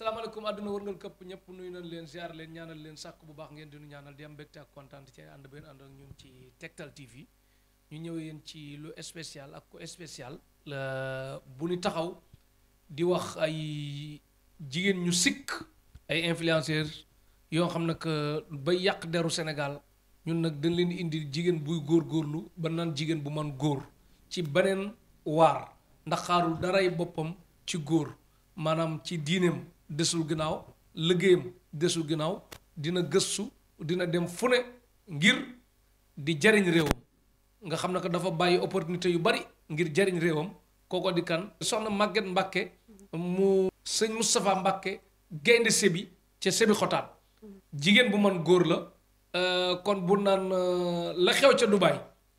salaamaaleykum àdduna wërngal këpp ñëpp nuyu nañ leen ziar leen ñaanal leen sàkk bu baax ngeen di nu ñaanal di am mbégte ak kontaan ci ànd ba ànd ak ñun ci ñu ñëw yéen ci lu spécial ak ko spécial taxaw di wax ay jigéen ñu sikk ay influenceur yoo xam ne que bay yàq deru senegal ñun nag dañ leen indi jigéen buy góor góorgóorlu ba naan jigéen bu man góor ci beneen waar ndax xaarul daray boppam ci góor maanaam ci diineem desul ginnaaw liggéeyam desul ginnaaw dina gëstu dina dem fu ngir di jariñ réewam nga xam ne que dafa bàyyi opportunité yu bari ngir jariñ réewam kooko di kan soxna Maguette Mbacke mu sëñ Moustapha Mbacke gaynde sebi ca sébi xotaan jigéen bu man góor la euh, kon bu naan euh, la xew ca Dubaay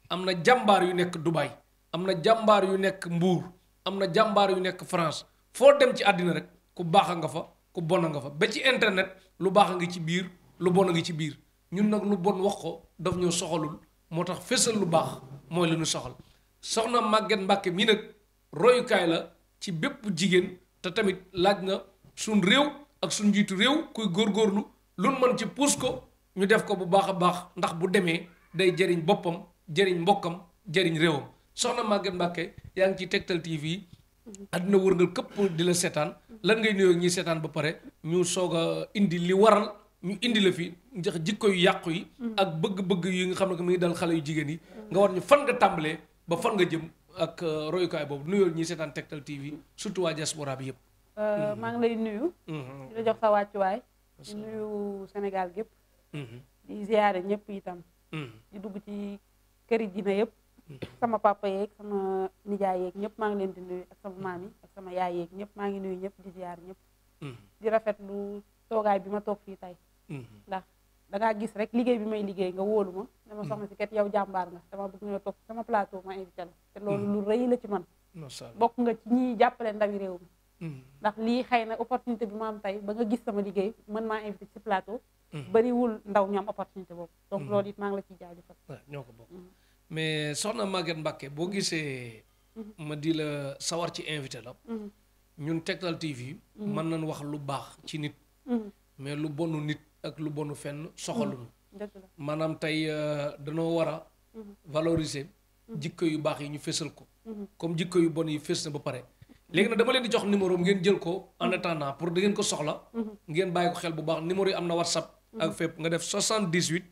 am na jàmbaar yu nekk Dubaay am na jàmbaar yu nekk Mbuur am na jàmbaar yu nekk France foo dem ci àddina rek ku baax a nga fa ku bon a nga fa ba ci internet lu baax a ngi ci biir lu bon a ngi ci biir ñun nag lu bon wax ko daf ñoo soxalul moo tax fësal lu baax mooy lu soxal soxna Maguette Mbacke mii nag royukaay la ci bépp jigéen te tamit laaj nga suñ réew ak suñ njiitu réew kuy góorlu lu mën ci puus ko ñu def ko bu baax a baax ndax bu demee day jëriñ boppam jëriñ mbokkam jëriñ réewam soxna Maguette Mbacke yaa ngi ci Tektal TV àdduna wërngal këpp di la seetaan lan ngay nuyoo ñuy seetaan ba pare ñu soog indi li waral ñu indi la fi ndax jikko yu yàqu yi ak bëgg-bëgg yi nga xam ne mu ngi dal xale yu jigéen yi nga war ñu fan nga tàmbalee ba fan nga jëm ak euh, royukaay boobu nuyoo ñuy seetaan Tektal TV surtout waa diaspora bi yëpp euh, mm-hmm. maa ngi lay nuyu mm-hmm. di la jox sa wàccuwaay di nuyu senegal gépp mm-hmm. di ziyaare ñëpp itam di dugg ci këri dina yëpp sama papa yeeg sama nijaay yeeg ñëpp maa ngi leen di nuyu ak sama maam yi ak sama yaay yeeg ñëpp maa ngi nuyu ñëpp di ziar ñëpp mm-hmm. di rafet lu toogaay bi ma toog fii tey mm-hmm. ndax da ngaa gis rek liggéey bi may liggéey nga wóolu ma dama mm-hmm. soxna si kat yow jàmbaar nga dama bëgg nga toog sama plateau ma invité la te loolu lu rëy la ci man bokk nga ci ñiy jàppale ndawi réew ndax lii xëy na opportunité bi ma am tey ba nga gis sama liggéey mën maa invité ci plateau bariwul ndaw ñu am opportunité boobu donc loolu it maa ngi la ciy jaajëfal ñoo ko bokk mais soxna Maguette Mbacké boo mm-hmm. gisee. Mm-hmm. ma di la sawar ci invité la. Mm-hmm. ñun Tektal TV. mën nañ wax lu baax ci nit. mais lu bonu nit ak lu bonu fenn soxaluñu. maanaam tey euh, danoo war a. valoriser jikko yu baax yi ñu fésal ko. comme jikko yu bon yi fés na ba pare. léegi nag dama leen di jox numéro ngeen jël ko en attendant pour da ngeen ko soxla. ngeen bàyyi ko xel bu baax numéro yi am na whatsapp. ak fépp nga def 78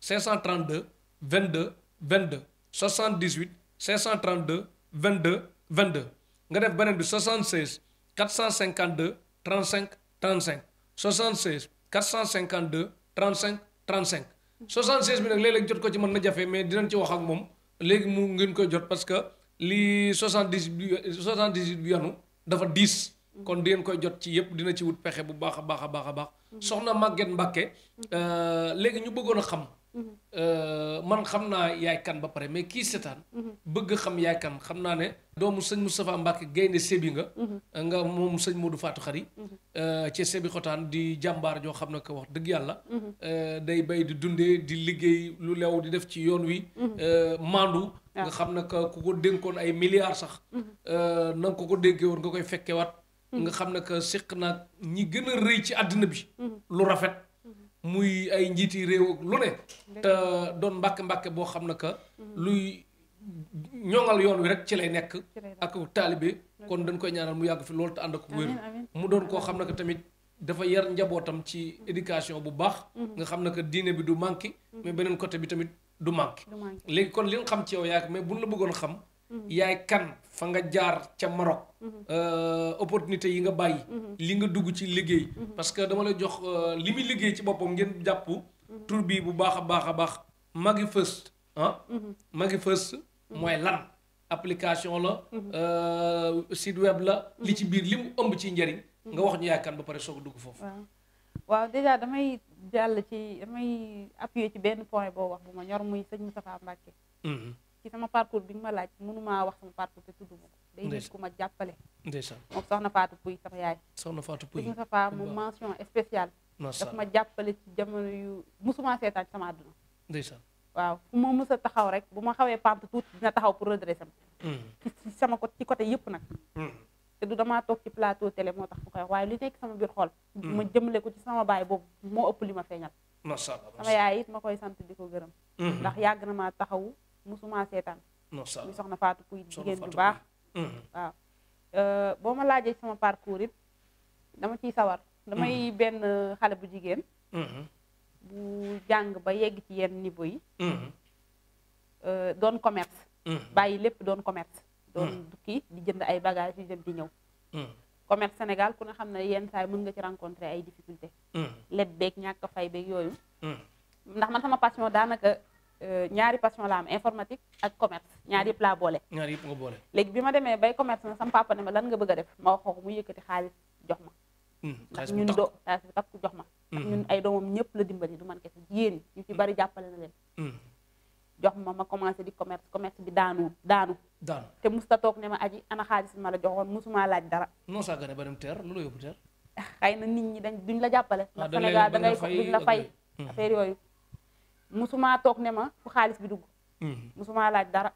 532 22 deux 78 532 22 22 nga def beneen bi 76 452 35 35 76 452 35 35 76 bi nag léeg-léeg jot ko ci mën na jafe mais dinañ ci wax ak moom léegi mu ngeen koy jot parce que lii 78 bi 78 bi yanu dafa diis. kon di ngeen koy jot ci yépp dina ci wut pexe bu baax a baax a baax a baax. Mm-hmm. soxna Maguette Mbacke euh, léegi ñu bëggoon a xam. Euh, man xam naa yaay kan ba pare mais kii seetaan. bëgg xam yaay kan xam naa ne. doomu sëñ mu Moustapha Mbacke gaynde sébi nga. nga moom sëñ Modou Fatou Khari. Euh, ci sébi xotaan di jàmbaar joo xam ne ko wax dëgg yàlla. Euh, day bay di dundee di liggéey lu lew di def ci yoon wi. maandu. Ah. nga xam ne ku ko dénkoon ay milliards sax. na nga ko ko dénkee nga koy fekkewaat. Hmm. nga xam na que seq naa ñi gën a rëy ci àddina bi. Hmm. lu rafet. muy ay njiiti réew ak lu ne te doon mbàkke mbàkke boo xam na que mm-hmm. luy ñoŋal yoon wi rek ci lay nekk ak taalibe kon dañ koy ñaanal mu yàgg fi loolu te ànd ak wér mu doon koo xam na que tamit dafa yar njabootam ci mm-hmm. éducation bu baax mm-hmm. nga xam ne que diine bi du manqué mais beneen côté bi tamit du manqué léegi kon li nga xam ci yow yaak mais buñ la bëggoon xam Mhm. yaay kan fa nga jaar ca Maroc mhm. euh, opportunité yi nga bàyyi mhm. li nga dugg ci liggéey parce que dama la jox euh, li muy liggéey ci boppam ngeen jàpp tur bi bu baax a baax a baax Maggi First ah Maggi First mooy lan application la euh, site web la li ci biir li mu ëmb ci njëriñ nga wax ñu yaay kan ba pare soog a dugg foofu waaw déjà damay jàll ci damay appuyer ci benn point boo wax bu ma ñor muy sëñ Moustapha Mbacké ci sama parcours bi nga ma laaj mënumaa wax sama parcours te tudd ma ko day nit ku ma jàppale ndeysaan moom soxna Fatou Pouy sama yaay soxna Fatou Pouy Moustapha moom mention ma jàppale ci jamono yu musuma seetaan ci sama àdduna waaw fu ma mës a taxaw rek bu ma xawee pant tuuti dina taxaw pour redresser ma mm. ci sama côté ci côté yëpp nag mm. te damaa toog ci plateau tax mu koy waaye li nekk sama biir xol mm. ma jëmale ko ci sama baay boobu moo ëpp li ma feeñal sama yaay it ma koy sant di ko gërëm mm-hmm. ndax yàgg na maa taxawu musuma seetaan. macha allah muy soxna Fatou Pouy jigéen bu baax. waaw mm-hmm. euh, boo ma laajee sama parcours it dama ciy sawar. damay mm-hmm. benn euh, xale bu jigéen. Mm-hmm. bu jàng ba yegg ci yenn niveau yi. Euh, doon commerce. bàyyi lépp doon commerce. doon dukki di jënd ay bagages bi dem di ñëw. commerce Sénégal ku ne xam ne yenn saay yi mën nga ci rencontrer ay difficultés. leb beeg ñàkk fay beeg yooyu. ndax man sama passion daanaka. Euh, ñaari passion la am informatique ak commerce ñaari yëpp laa boole. ñaari yëpp nga boole. léegi bi ma demee bay commerce na sama papa ne ma lan nga bëgg a def ma wax ko mu yëkkati xaalis jox ma. Hmm, ndax ñun doo xaalis bu jox ma. ndax hmm. ñun ay doomam ñëpp la dimbali du man kese jigéen ñu ci bari jàppale na leen. Hmm. jox ma ma commencé di commerce commerce bi daanu daanu. daanu te musta toog ne ma aji ana xaalis ma la joxoon musuma laaj dara. non saa gane ba dem teer lu la yóbbu teer. xëy na nit ñi dañ duñ la jàppale. ah da ngay da ngay duñ la fay affaire yooyu musumaa toog ne ma fu xaalis bi dugg mm-hmm. musumaa laaj dara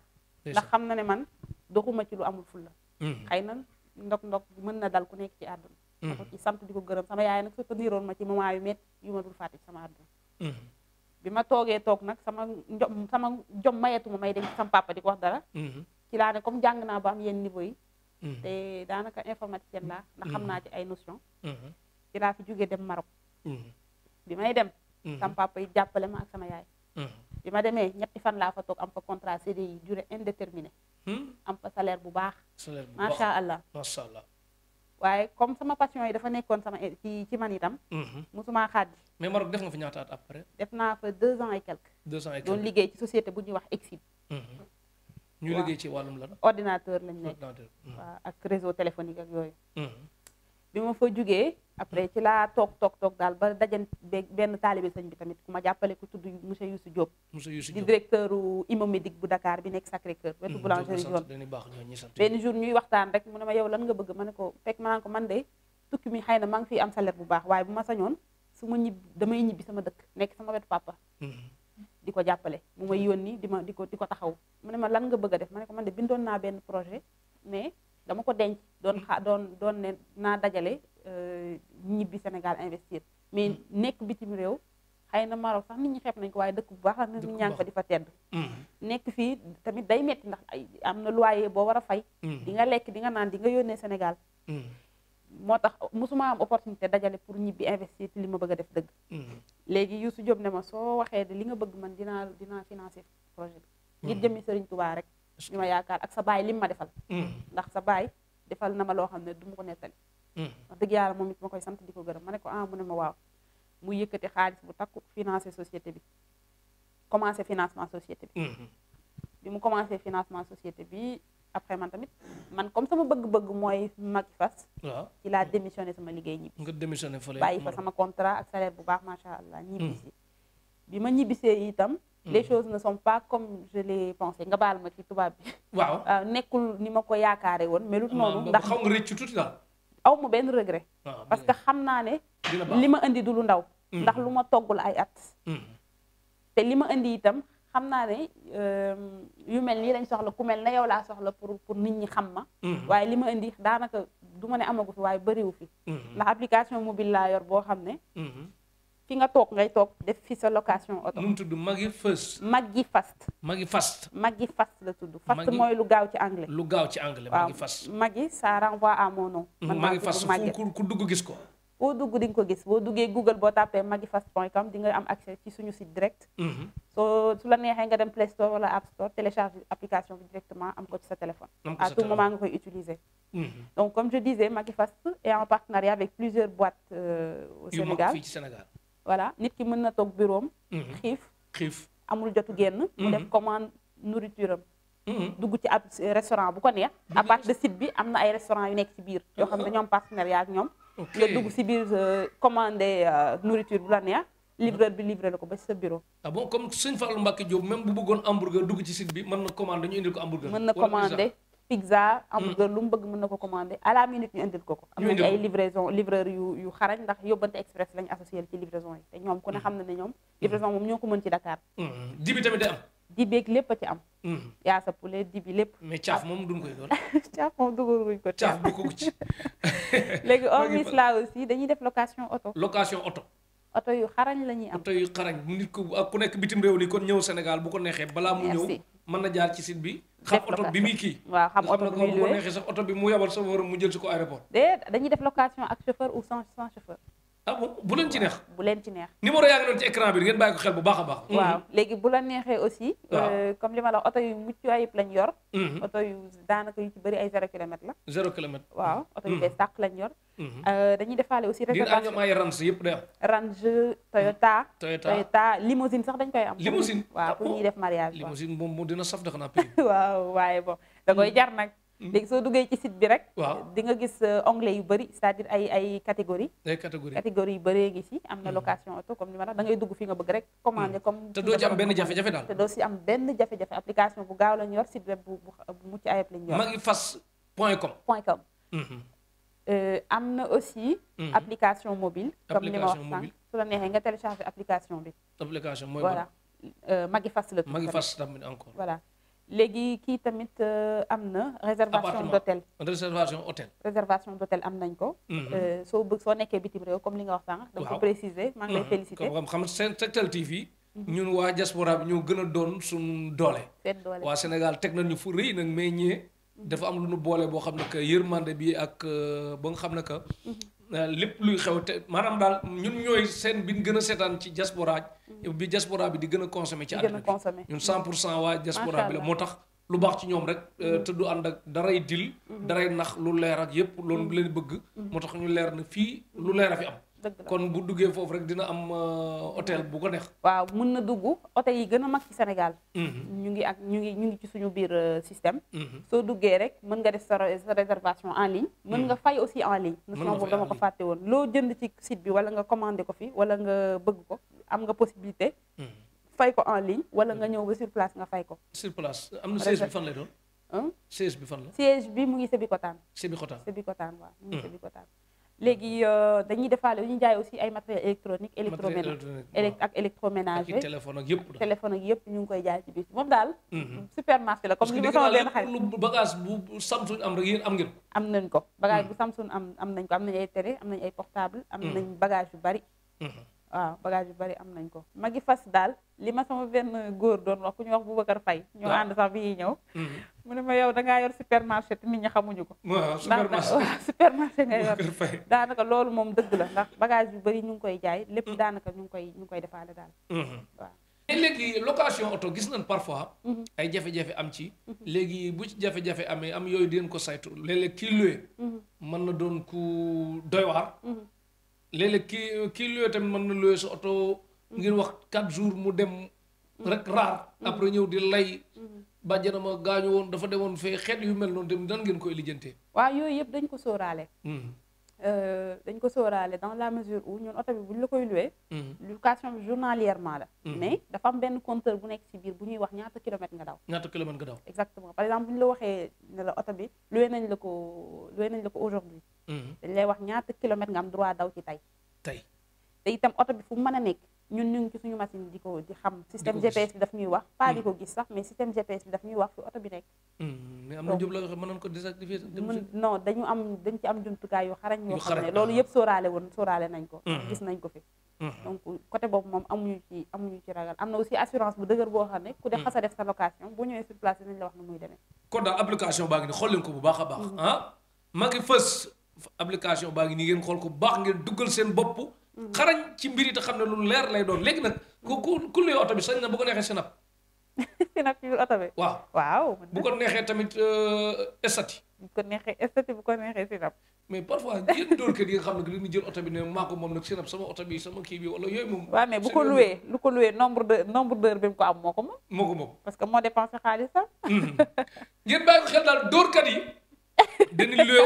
ndax xam na ne man doxuma ci lu amul la mm-hmm. xay na ndok ndok mën na dal ku nekk ci àdduna mm-hmm. sant di ko gërëm sama yaay nag surtout niiroon ma ci moment yu métti yu ma dul fàtte sama àdduna bi ma toogee toog nag sama njom sama jom mayetuma may dem ci sama papa di ko wax dara ci laa ne comme jàng naa ba am yenn niveau yi te daanaka informaticien laa ndax xam naa ci ay notion ci laa fi jógee dem Maroc bi may dem Mhm. sama papa yi jàppale ma ak sama yaay mhm. bi ma demee ñetti fan laa fa toog am fa contrat CDI durée indéterminée hmm? am fa salaire bu baax macha allah macha allah waaye comme sama passion yi dafa nekkoon sama e, ci ci man itam mosumaa mhm. xaaddi mais Maroc def nga fi ñaata at après def naa fa deux ans et quelques deux ans et quelques doon liggéey ci société bu ñu wax Exib ñu liggéey ci wàllum lan ordinateur lañ nekk ordinateur waaw ak réseau téléphonique yooyu bi ma fa jugee après ci laa toog toog toog daal ba dajan benn taalibe sañ bi tamit ku ma jàppale ku tudd monsieur Youssou Diop di directeur Imomédic bu Dakar bi nekk Sacré Cœur wetu mm-hmm. boulangerie jaune benn jour ñuy waxtaan rek mu ne ma yow lan nga bëgg ma ne ko fekk ma naan ko man de tukki mi xëy na man ngi am salaire bu baax waaye bu ma sañoon su ma damay ñibbi sama dëkk nekk sama wetu papa mm-hmm. di ko jàppale mu may yónni di ma di ko di ko taxaw mu ne ma lan nga bëgg a def ma ne ko man de bindoon naa benn projet mais dama ko denc doon xa doon doon ne naa dajale Euh, ñibbi Sénégal investir mais hmm. nekk bitim réew xëy na Maroc sax nit ñi xeeb nañ ko waaye dëkk bu baax la nit ñaa ngi fa di fa tedd hmm. nekk fii tamit day metti ndax ay am na loyer boo war a fay hmm. di nga lekk di nga naan di nga yónnee Sénégal moo tax mosuma am opportunité dajale pour ñibbi investir ci li ma bëgg a def dëgg léegi Youssou Diop ne ma soo waxee de li nga bëgg man dinaa dinaa financer projet bi ngir jëmmi Serigne Touba rek ñu ma yaakaar ak sa baay lim ma defal ndax sa baay defal na ma loo xam ne du ko nettali wax dëgg yàlla moom it ma koy sant di ko gërëm ma ne ko ah mu ne ma waaw mu yëkkati xaalis bu takk financé société bi commencé financement société bi mm-hmm. bi mu commencé financement société bi après man tamit man comme sama bëgg-bëgg mooy Macky Fass waaw ci laa démissionné sama liggéey ñibbi nga démissionné fële bàyyi fa sama contrat ak salaire bu baax macha allah ñibbisi mm. bi ma ñibbisee itam mm. les choses ne sont pa comme je les pensé nga baal ma ci tubaab bi waaw ah, nekkul ni ma ko yaakaare woon melut noonu ndax xam nga rëccu aw ma benn regret. Ah, parce que xam naa ne. li ma indi du lu ndaw. Mm. ndax lu ma togg ay at. Mm. te li ma indi itam xam naa ne euh, yu mel nii lañ soxla ku mel na yow laa soxla pour pour nit ñi xam ma. Mm. waaye li ma indi daanaka du ma ne amagu fi waaye bëriwu fi. ndax application mobile laa yor boo xam ne. Mm-hmm. fi nga toog ngay toog def sa location oto. nu mu tudd Maggi Fast. Maggi Fast. Maggi Fast. Maggi Fast la tudd. Fast mooy lu gaaw ci anglais. lu gaaw ci anglais Maggi Fast. waaw Maggi ça renvoie à mon nom. Mm, man Maggi Fast fu ku dugg gis ko. boo dugg di nga ko gis boo duggee Google boo tàppee magifast.com di nga am accès ci suñu site direct. Mm-hmm. soo su la neexee nga dem Play Store wala App Store télécharge application bi directement am ko ci sa téléphone. à tout moment nga koy utiliser. Mm-hmm. donc comme je disais Magifast est en partenariat avec plusieurs boîtes euh, voilà nit ki mën na toog bureau mhm. xiif xiif amul jotu genn mu mhm. def commande nourriture am mhm. dugg ci ab restaurant bu ko neex à part de bi am na ay restaurant yu nekk ci biir yoo xam ne ñoom partenariat ak ñoom nga dugg si biir euh, commandé euh, nourriture bu la neex livreur bi livré la ko ba sa bureau ah bon comme Sëñ Fallou Mbacké Diop même bu bëggoon hamburger dugg ci site bi mën na commandé ñu indil ko hamburger mën na commandé pizza hamburger mm. lu mu bëgg mën na ko commander à la minute ñu indil ko ko am nañu ay livraison livreur yu yu xarañ ndax yóbbante express lañu associé ci livraison yi te ñoom ku ne mm. xam ne ñoom mm. livraison moom ñoo ko mën ci Dakar dibi tamit day am dibeeg lépp a ci am yaa sa poulet dibi lépp mais caaf moom duñ koy caaf moom dugaluñ ko caaf dugg ko ci léegi hormis là aussi dañuy def location auto oto yu xarañ la ñuy am. oto yu xarañ ku nekk bitim réew ni kon ñëw Sénégal bu ko neexee. balaa mu ñëw mën na jaar ci site bi. xam oto bi muy kii. waaw xam oto bi muy loué mu yabal sa mu jël si ko aéroport. déet dañuy def location ak chauffeur ou sans sans chauffeur. ah bu leen ci neex. bu leen ci neex. numéro yaa ngi doon ci écran bi ngeen bàyyi ko xel bu baax a baax. waaw mm-hmm. léegi bu la neexee aussi. Euh, comme li ma la wax oto yu mucc ayib lañ yor. Mm-hmm. oto yu daanaka yu ci bëri ay zéro kilomètre la. zéro kilomètre. waaw oto yu mm-hmm. bees lañ yor. Euh, dañuy defaale aussi. réservation di nga am ay range yëpp day am. range Toyota. Toyota limousine sax dañ koy am. limousine waaw pour ah, ñuy oh. def mariage. limousine moom dina saf dafa naa pay. waaw waaye bo da koy jar nag. Mhm. léegi soo duggee ci site bi rek. waaw di nga gis euh, onglet yu bëri c'est-à-dire ay ay catégories. ay catégories yu bëree ngi ci am na mhm. location auto comme ni ma da ngay dugg fi nga bëgg rek. commandé mhm. comme te doo ci am benn jafe-jafe daal. te am benn jafe-jafe application bu gaaw la ñu yor site web bu bu mucc ayib la ñu yor. magifas point com. point com. Euh, am na aussi. application mobile. comme ni ma wax sànq su la neexee nga téléchargé application bi. application mooy voilà euh, magifas la. magifas tamit encore voilà. léegi kii tamit euh, am na. réservation d'hôtel réservation hôtel. réservation d'hôtel am nañ ko. Mhm. Euh, soo bëgg soo nekkee bitim réew comme li nga wax sànq. waaw da nga ko préciser maa ngi lay mhm. féliciter. Mhm. ñun waa diaspora bi ñoo gën a doon suñu doole. seen doole waa Sénégal teg nañu fu rëy nag mais ñee. dafa am lu nu boole boo xam ne que yërmande bi ak euh, ba nga xam na que. Euh, lépp luy xew te maanaam daal ñun ñooy seen bi gën a seetaan ci diaspora bi diaspora bi di gën a consommer ci àddina bi ñun cent pour cent waa diaspora bi la moo tax lu baax ci ñoom rek euh, mm-hmm. te du ànd ak daray dil mm-hmm. daray nax lu leer ak yépp loolu mm-hmm. leen bëgg moo tax ñu leer na fii lu leer a fi am kon bu duggee foofu rek dina am euh, hôtel bu ko neex. waaw mën na dugg hôtel yi gën a mag ci Sénégal. Mhm. ñu ngi ak ñu ngi ñu ngi ci suñu biir euh, système. Mhm. soo duggee rek mën nga def sa réservation en ligne. mën mhm. nga fay aussi en ligne. mën nga boobu dama ko fàtte woon loo jënd ci site bi wala nga commandé ko fi wala nga bëgg ko am nga possibilité. fay ko en ligne wala nga ñëw ba sur place nga fay ko. sur place am na siège bi fan lay doon. siège bi fan la. siège bi mu ngi Sébikotane. Sébikotane Sébikotane waaw mu ngi Sébikotane. léegi euh, dañuy defaale dañuy jaay aussi ay matériel électronique électroménager ak électroménager téléphone ak yëpp téléphone yëpp ñu ngi koy jaay ci bis moom daal mm-hmm. supermarché la comme li ma sama benn xarit lu bagage bu Samsung am rek yéen am ngeen am nañ ko bagage mm. bu Samsung am am nañ ko am nañ ay télé am nañ ay portable am mm. nañ bagage yu bari mm-hmm. waaw bagage yu bari am nañ ko magi fas daal li ma sama benn góor doon wax ku ñu wax Boubacar Faye ñu ànd sax bi ñu ñëw mm-hmm. mu ne ma yow dangaa yor supermarché te nit ñi xamuñu ko ndax supermarché nga yor daanaka loolu moom dëgg la ndax bagage yu bari ñu ngi koy jaay lépp mm-hmm. daanaka ñu koy ñu ngi koy defaale daal mm-hmm. waaw mais léegi location oto gis nañ parfois ay jafe-jafe am ci léegi bu jafe-jafe amee am yooyu di ko saytu léeg-léeg kii luwe mën na doon ku doy waar léeg-léeg kii kii luwe tamit mën na luwe sa oto ngir wax quatre jours mu dem rek raar après ñëw di lay bàjjana ma gaañu woon dafa demoon fee xeet yu mel noonu tamit nan koy lijjantee waaw yooyu yëpp dañ ko sóoraale hmm. euh, dañ ko sóoraale dans la mesure où ñun oto bi bu ñu la koy loué. Hmm. location bi journalièrement la. Hmm. mais dafa am benn compteur bu nekk ci biir bu ñuy wax ñaata kilomètre nga daw. ñaata kilomètre nga daw. exactement par exemple bu ñu la waxee ne oto bi loué nañ la ko loué nañ la ko aujourd'hui Mhm. dañ lay wax ñaata kilomètre nga am droit daw ci tey tey te itam oto bi fu mën a nekk ñun ñu ci suñu machine di ko di xam système GPS bi daf ñuy wax pas di mhm. ko gis sax mais système GPS bi daf ñuy wax fi oto bi nekk mhm. mais am na ko désactiver am dañ ci am jumtukaay yu xarañ yoo xam loolu yëpp sóoraale woon sóoraale nañ ko gis nañ ko fi donc côté boobu moom amuñu ci amuñu ci ragal am na aussi assurance bu dëgër boo xam ne ku de xas a def sa location boo ñëwee sur place nañ la wax nu muy daal application baa ngi ni xool ko bu baax baax ah. magi fës application baa ngi nii ngeen xool ko baax ngeen duggal seen bopp. xarañ ci mbir yi te xam ne lu leer lay doon léegi nag. ku ku ku oto bi sañ na bu ko neexee sinap. sinap ci biir oto bu ko neexee tamit euh, estati. bu ko neexee estati bu ko neexee sinap. mais parfois yéen dóorkat yi nga xam ne dañuy jël oto bi ne maa ko moom nag sinap sama oto bi sama kii bi wala yooyu moom. waaw mais bu ko loué lu ko loué nombre de nombre d'heure bi mu ko am moo ko moom. parce que moo dépensé xaalisam. Mhm. ngeen bàyyi ko xel daal dóorkat yi dañuy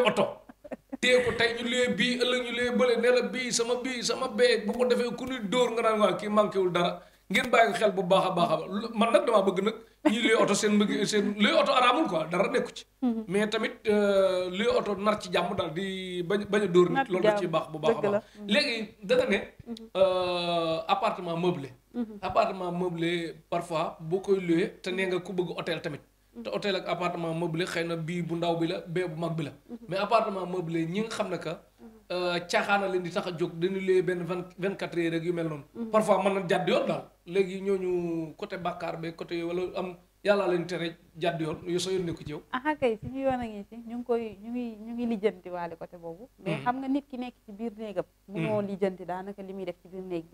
te ko tey ñu lee bii ëllëg ñu lee bële ne bii sama bii sama bee bu ko defee ku ñu dóor nga naan waa kii manqué wul dara ngeen bàyyi xel bu baax a baax man nag damaa bëgg nag ñuy lee oto seen bëgg seen lee oto araamul quoi dara nekku ci. Mhm. mais tamit euh, lee oto nar ci jàmm daal di bañ bañ dóor nit loolu da ci baax bu baax a baax léegi danga ne mhm. euh, appartement meublé mhm. appartement meublé parfois boo koy loué te nee nga ku bëgg otel tamit te hôtel ak appartement meublé xëy na bii bu ndaw bi la bee bu mag bi la. Mhm. mais appartement meublé ñi nga xam ne que mhm. euh, caaxaana leen di tax a jóg dañu lee benn vingt vingt quatre heures rek yu mel noonu. Mhm. parfois mën na jàdd yoon daal léegi ñooñu côté bàkkaar be côté wala am yàllaa leen tere jàdd yoon yow soo yoon ko ci yow. ah kay suñu yoon a ngi ci ñu ngi koy ñu ngi ñu ngi lijjanti waale côté boobu. mais xam nga nit ki nekk ci biir néegam. munoo lijjanti daanaka li muy def ci biir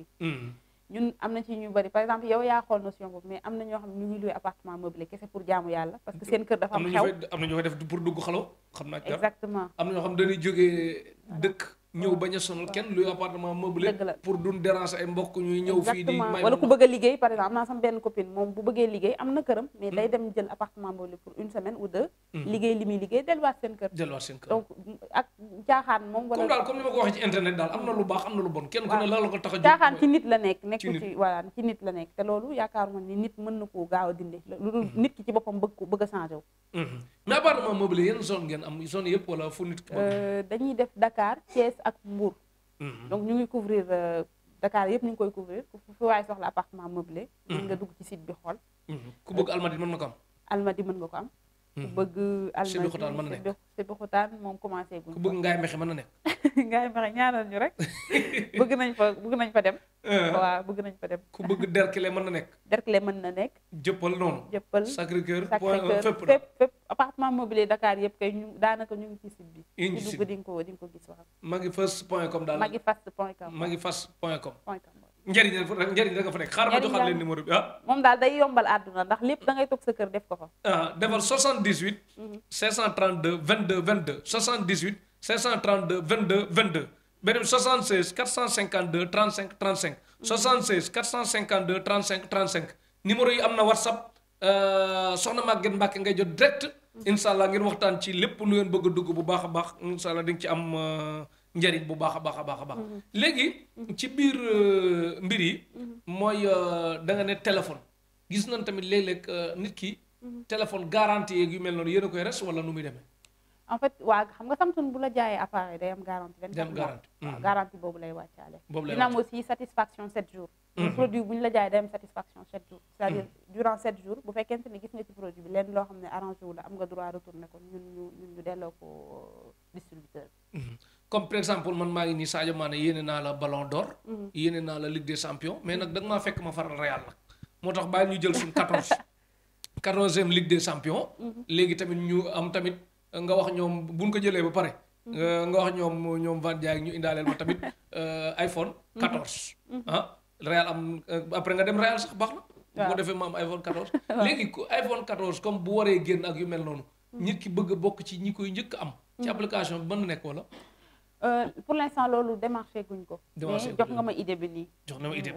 ñun am na ci ñu bari par exemple yow yaa xool notion boobu mais am na ñoo xam ne ñu ngi loué appartement meublé kese pour jaamu yàlla parce que seen kër dafa am xew am na ñu koy def pour dugg xalo xam naa exactement am na ñoo xam dañuy jógee dëkk ñëw ah. bañ a sonal kenn luy appartement meublé pour duñ déranger ay mbokk ñuy ñëw fii di may wala ku bëgg a liggéey par exemple am naa sama benn copine moom bu bëggee liggéey am na këram mais hmm. day dem jël appartement meublé pour une semaine ou deux hmm. liggéey li liggéey delluwaat seen kër delluwaat seen kër donc caaxaan moom wala comme daal comme ni ma internet daal am na lu baax am na lu bon kenn ku ne la la a jóg caaxaan ci nit la nekk nekk ci voilà ci nit la nekk te loolu yaakaaruma ni nit na koo gaaw a lu hmm. nit ki ci boppam bëgg ko bëgg a changé Mhm. mais appartement meublé yenn zone ngeen am zone yëpp wala fu nit. Euh, dañuy def dakaar Thiès ak Mbour. Mhm. donc ñu ngi couvrir euh, dakaar yëpp ñu ngi koy couvrir fu waaye soxla appartement meublé. mën nga mhm. dugg ci site bi xool. ku bëgg Almadies mën na ko am. Almadies mën nga ko am. ku mhm. bëgg almadi si bi xutaan moom commencé guñ ku bëgg ngaay mexe mën na nekk ngaay mexe ñaanal ñu rek bëgg nañ fa bëgg nañ fa dem uh-huh. waaw bëgg nañ fa dem ku bëgg derkle mën na nekk derkle mën na nekk jëppal noonu jëppal Sacré-Cœur fépp fépp fépp appartement mobilier Dakar yëpp kay ñu daanaka ñu ngi ci site bi ñu dugg di nga ko di nga ko gis wax magifast point com daal magifast point com magifast point com njëriñ la fa njëriñ la nga fa nekk xaaral ma joxal leen numéro bi ah. moom daal day yombal àdduna ndax lépp da ngay toog sa kër def ko fa. ah defal 78. 532 22 22 78 532 22 22 beneen 76 452 35 35 76 452 35 35 numéro yi am na WhatsApp euh, soxna Maguette Mbacke ngay jot direct. Mhm. incha allah ngir waxtaan ci lépp lu ngeen bëgg a dugg bu baax a baax incha allah di nga ci am. Euh, njariñ bu baax a baax a baax a baax mhm. léegi ci biir euh, mbir yi mhm. mooy euh, da nga ne téléphone gis nañ tamit léeg-léeg euh, nit ki mhm. téléphone garantie yeeg yu mel noonu yéen a koy res wala nu muy demee en fait waa xam nga Samsung bu la jaayee appareil day am garantie vingt-quatre mois garantie boobu lay wàccaale dina am aussi satisfaction sept jours produit bu ñu la jaay day am satisfaction sept jours c'est-à-dire durant sept jours bu fekkente ne gis nga ci produit bi lenn loo xam ne arrangé wu la am nga delloo ko distributeur comme par exemple man maa ngi nii Sadio Mané yéene naa la Ballon d'Or. Mhm. yéene naa la Ligue des champions mais nag da nga maa fekk ma faral Real la moo tax bàyyi ñu jël suñ quatorze quatorzième Ligue des champions. Mhm. léegi tamit ñu am tamit nga wax ñoom buñ ko jëlee ba pare. Mhm. Euh, nga wax ñoom ñoom Van Diaye ñu indaaleel ma tamit euh, iPhone. 14 ah Real am euh, après nga dem Real sax baax na. waaw bu defee ma am iPhone 14. léegi ku iPhone 14 comme bu waree génn ak yu mel noonu. nit ki bëgg bokk ci ñi koy njëkk am. ci application bi mën na nekk wala. Euh, pour l'instant loolu démarché guñ ko. mais jox nga ma idée bi nii. jox nga ma idée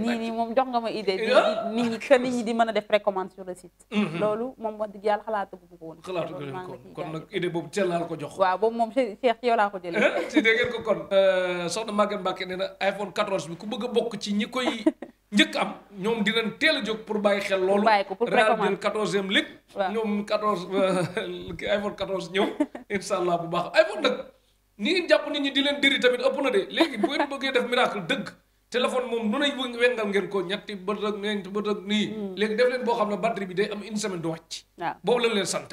nii nii moom jox nga ma idée. Ah. nit ñi que nit ñi di man a def précommande sur le site. Mhm. loolu moom wax dëgg yàlla xalaatu ko woon. xalaatu ko woon kon nag idée boobu teel naa ko jox. waaw boobu moom Cheikh ci yow laa ko jëlee. si dégg ko kon. Euh, soxna Maguette Mbacke nee na iPhone 14 bi ku bëgg a bokk ci ñi koy. njëkk am ñoom dinañ teel a jóg pour bàyyi xel loolu. bàyyi ko pour précommande quatorzième lig ñoom 14 euh, iPhone bu baax iPhone ñi jàpp nit ñi di leen diri tamit ëpp na de léegi bu ngeen bëggee def miracle dëgg téléphone moom nu ne wengal ngeen ko ñetti bët ak nii. Hmm. léegi def leen boo xam ne batterie bi day am une du wàcc. boobu lañ leen sant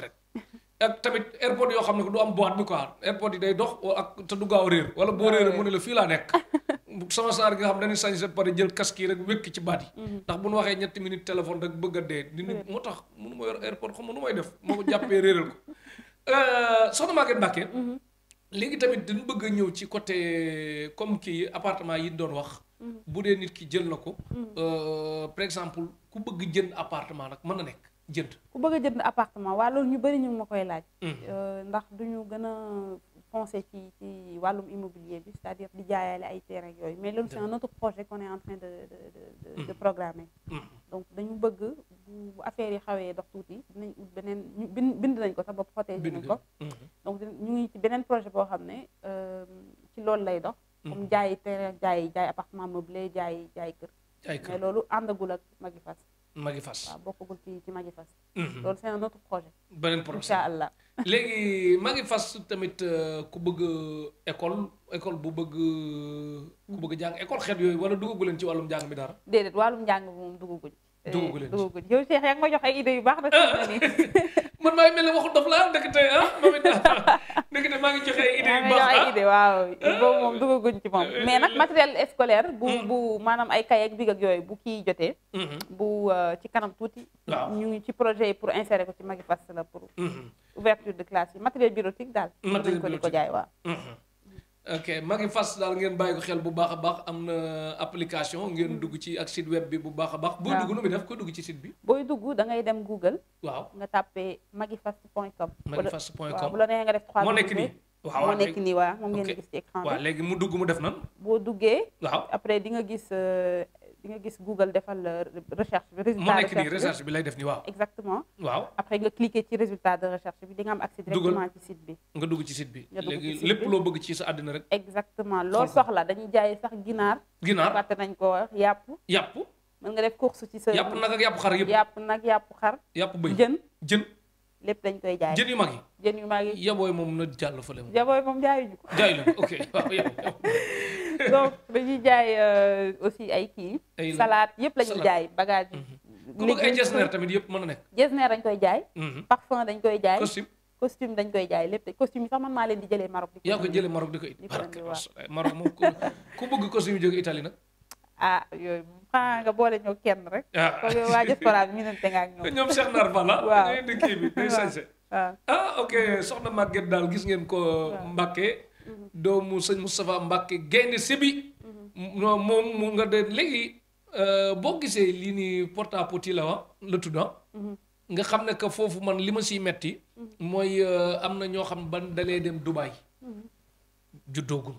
ak tamit airport yoo xam ne du am boîte bi quoi airport yi day dox ak te gaaw réer wala boo ah, réeree mu ne la fii laa nekk. sama saar nga xam dañuy sañ sa pare jël casque yi rek wékk ci baat yi. Hmm. ndax bu waxee ñetti minutes téléphone rek bëgg a dee. nit moo tax léegi tamit dañ bëgg a ñëw ci côté comme kii appartement yi doon wax. Mm-hmm. bu dee nit ki jël na ko. Mm-hmm. Euh, par exemple ku bëgg jënd appartement nag mën na nekk jën ku bëgg a jënd appartement waa loolu ñu bari ñu ngi ma koy laaj. Mm-hmm. Euh, ndax du ñu gën a foncé ci ci wàllum immobilier bi c'est-à-dire di jaayaale ay terrain yooyu mais loolu c'est un autre projet qu'on est en train de de de, programmer donc dañu bëgg bu affaire yi xawee dox tuuti dinañ ut beneen bind nañ ko sax ba protéger nañ ko donc ñu ngi ci beneen projet boo xam ne euh, ci loolu lay dox comme jaayi terrain jaayi jaay appartement meublé jaayi jaay kër mais loolu àndagul ak Magifas magi fas waaw bokkagul ci ci magi fas. Mhm. loolu c'est un autre projet. beneen projet incha allah. léegi magi fas tamit euh, ku bëgg école école bu bëgg ku bëgg jàng école xeet yooyu wala duggagu leen ci wàllum njàng mi dara. déedéet wàllum njàng bi moom duggaguñ. duguleen duguleen yow Cheikh yaa ma jox ay idées yu baax nag. Ah, man maa ngi mel ne waxu dof laa dëkk tey ah moom it dëkk tey maa ngi joxe ay idées yu baax ah. waaw ah. boobu moom dugaguñ ci moom. Eh, mais nag eh. matériel scolaire. bu hmm. bu maanaam ay kay ak ak yooyu bu kii jotee. Hmm. bu euh, ci kanam tuuti. ñu ngi ci projet yi pour insérer ko ci Magifast la pour. Hmm. ouverture de classe yi matériel bureautique daal. matériel bureautique ko jaay waa ok Magui Fass daal ngeen bàyyi ko xel bu baax a baax am na application ngeen hmm. dugg ci ak site web bi bu baax a baax. booy dugg nu muy def ko dugg ci site bi. booy dugg da ngay dem Google. waaw nga tàppee magifass.com. magifass.com waaw bu la neexee nga def. moo nekk nii waaw moo nekk nii waaw moom ngeen gis ci écran bi. waaw léegi mu dugg mu def nan. boo duggee. waaw après di nga gis. Euh, di nga gis Google defal recherche bi. résultat bi nekk nii recherche bi lay def nii waaw. exactement waaw après nga cliquer ci résultat de recherche bi di nga am accès directement ci site bi. nga dugg ci site bi. nga dugg ci léegi lépp loo bëgg ci sa àddina rek. exactement loo soxla dañuy jaay sax ginaar. ginaar fàtte nañ ko wax yàpp. yàpp mën nga def course ci sa. yàpp nag ak yàpp xar yëpp yàpp nag yàpp xar. yàpp bëy jën jën. lépp dañ koy jaay jën yu mag yi jën yu mag yi yabooy moom na jàll fële moom yabooy moom jaayuñu ko jaayuñu ko ok waaw donc dañuy jaay euh, aussi ay kii salade yëpp la ñuy jaay bagage ku bëgg mhm. ay jesner tamit yëpp mën na nekk jesner dañ koy jaay mhm. parfum dañ koy jaay costume costume dañ koy jaay lépp costume yi sax maa leen di jëlee Maroc di ko yaa ko jëlee Maroc di ko it Maroc moom ku bëgg costume yi jóge Italie nag ah yooyu xanaa ah, nga boole ñëw kenn rek. ah comme yow waa diaspora bi ñu ne te nga ak ñoom. ñoom Cheikh Nar Bala. waaw ñooy dëkk bi day sañse. ah ok soxna Maguette daal gis ngeen ko. Mbacke. Mhm. doomu sëñ Moustapha Mbacke gaynde Sébi. Mhm. non moom mu nga de léegi euh, boo gisee lii nii porte à la wa ah. mhm. nga xam ne que foofu man li ma siy metti. mooy euh, am na ñoo xam ban dalee dem Dubaï. juddoogul.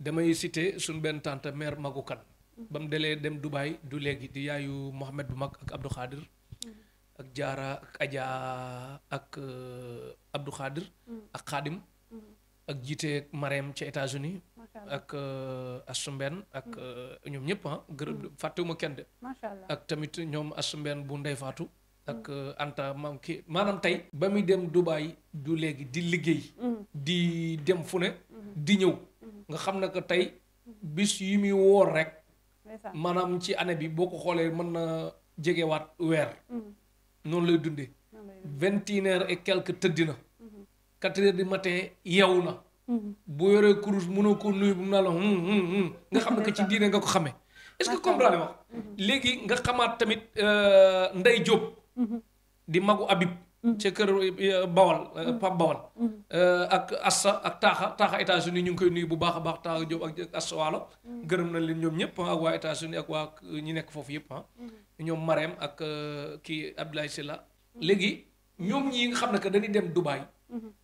damay cité suñ benn tante mère Magu ba mu delee dem Dubaay du léegi di yaayu Mohamed bu mag ak Abdou Khadir ak Jaara ak Adja ak euh, Abdou Khadir mm. ak Khadim mm. ak jiite Marème ca États-Unis ak euh, Assoumbène ak mm. euh, ñoom ñëpp ah fàttewuma kenn de ak tamit ñoom Assoumbène bu Ndey Faatu ak Anta maam kii maanaam tey ba muy dem Dubaay du léegi di liggéey di dem fu ne di ñëw nga xam na que tey bis yi muy woor rek maanaam ci année bi boo ko xoolee mën na jegewaat weer mm-hmm. noonu lay dundee vingt et une heures et quelque tëddi na mm-hmm. quatre heures du matin yeewu na mm-hmm. boo yoree kurus mënoo ko nuyu bu mu naa la hmm, hmm, hmm. nga xam ne que ci diine nga ko xame est-ce que comprendre wax léegi nga xamaat tamit euh, Ndey Jóob di magu Habib Mm-hmm. ca kër eh, Bawal eh, mm-hmm. Pape Bawal. Mm-hmm. Eh, ak Assa ak Taaxa Taaxa États-Unis ñu ngi koy nuyu bu baax a baax Taaxa Diop ak Assa Waalo. gërëm nañ leen ñoom ñëpp ak ah, waa États-Unis ak waa ñu nekk foofu yëpp ah. ñoom Marème ak kii Abdoulaye Sylla léegi ñoom ñii xam ne que dañuy dem Dubaï.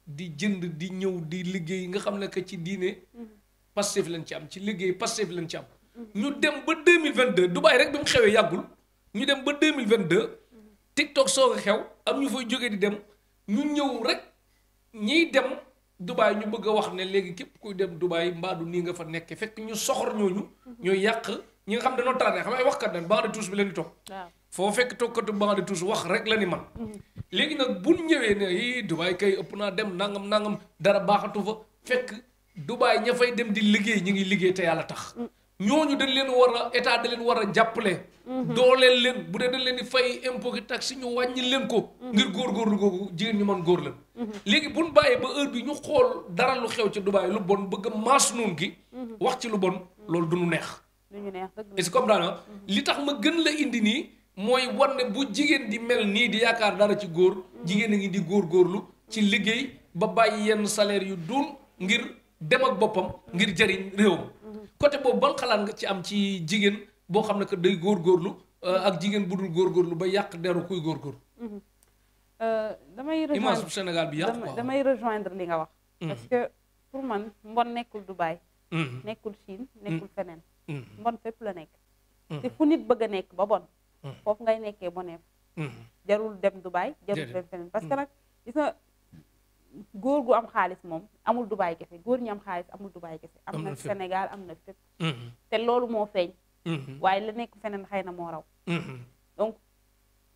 di jënd di ñëw di liggéey nga xam ne que ci diine. Pastef lañ ci am ci liggéey Pastef lañ ci am. ñu dem ba deux mille vingt deux Dubaï rek bi mu xewee yàggul ñu dem ba deux mille vingt deux TikTok soog a xew. am ñu fay jógee di dem ñu ñëw rek ñiy dem Dubaay ñu bëgg a wax ne léegi képp kuy dem Dubaay mbaadu nii nga fa nekkee fekk ñu soxor ñooñu. Mhm. ñooy yàq ñi nga xam dañoo tardé xam ay wax dañ banc de touche bi leen di toog. foo fekk tokkatu banc de touche wax rek la ni man. Mhm. léegi nag bu ñëwee ne yii Dubaay kay ëpp naa dem nangam nangam dara baaxatu fa fekk Dubaay ña fay dem di liggéey ñu ngi liggéey te yàlla tax. Mm. ñooñu dañ leen war a état da leen war a jàppale. Mhm. dooleel leen bu dee dañ leen di fay impôt ki tax ñu wàññi leen ko. Mhm. ngir góorgóorlu googu jigéen ñu man góor leen. Mhm. léegi bu ñu bàyyee ba heure bi ñu xool dara lu xew ci Dubaay lu bon bëgg a maas noonu gi. wax ci lu bon loolu du ñu neex. du ñu neex est-ce que comme daanaka li tax ma gën la indi nii mooy wan bu jigéen di mel nii di yaakaar dara ci góor. jigéen a ngi di góor góorlu ci liggéey ba bàyyi yenn salaire yu duun ngir dem ak boppam ngir jëriñ réewam. côté boobu ban xalaat nga ci am ci jigéen boo xam ne que day góorlu euh, ak jigéen bu dul góorgóorlu ba yàq deru kuy góorgóorlu. Mhm. Euh, damay rejoindre image Sénégal bi yàq damay rejoindre li nga wax. Mhm. parce que pour man mbon nekkul du baay mhm. nekkul Chine nekkul feneen. mbon fépp la nekk. te fu nit bëgg a nekk ba bon. foofu ngay nekkee boneef. jarul dem Dubaï jarul dem feneen parce que nag góor gu am xaalis moom amul Dubaay kese góor ñi am xaalis amul Dubaay kese. am na Sénégal am na fépp. Mm-hmm. te loolu moo feeñ. Mm-hmm. waaye la nekk feneen xay na moo raw. Mm-hmm. donc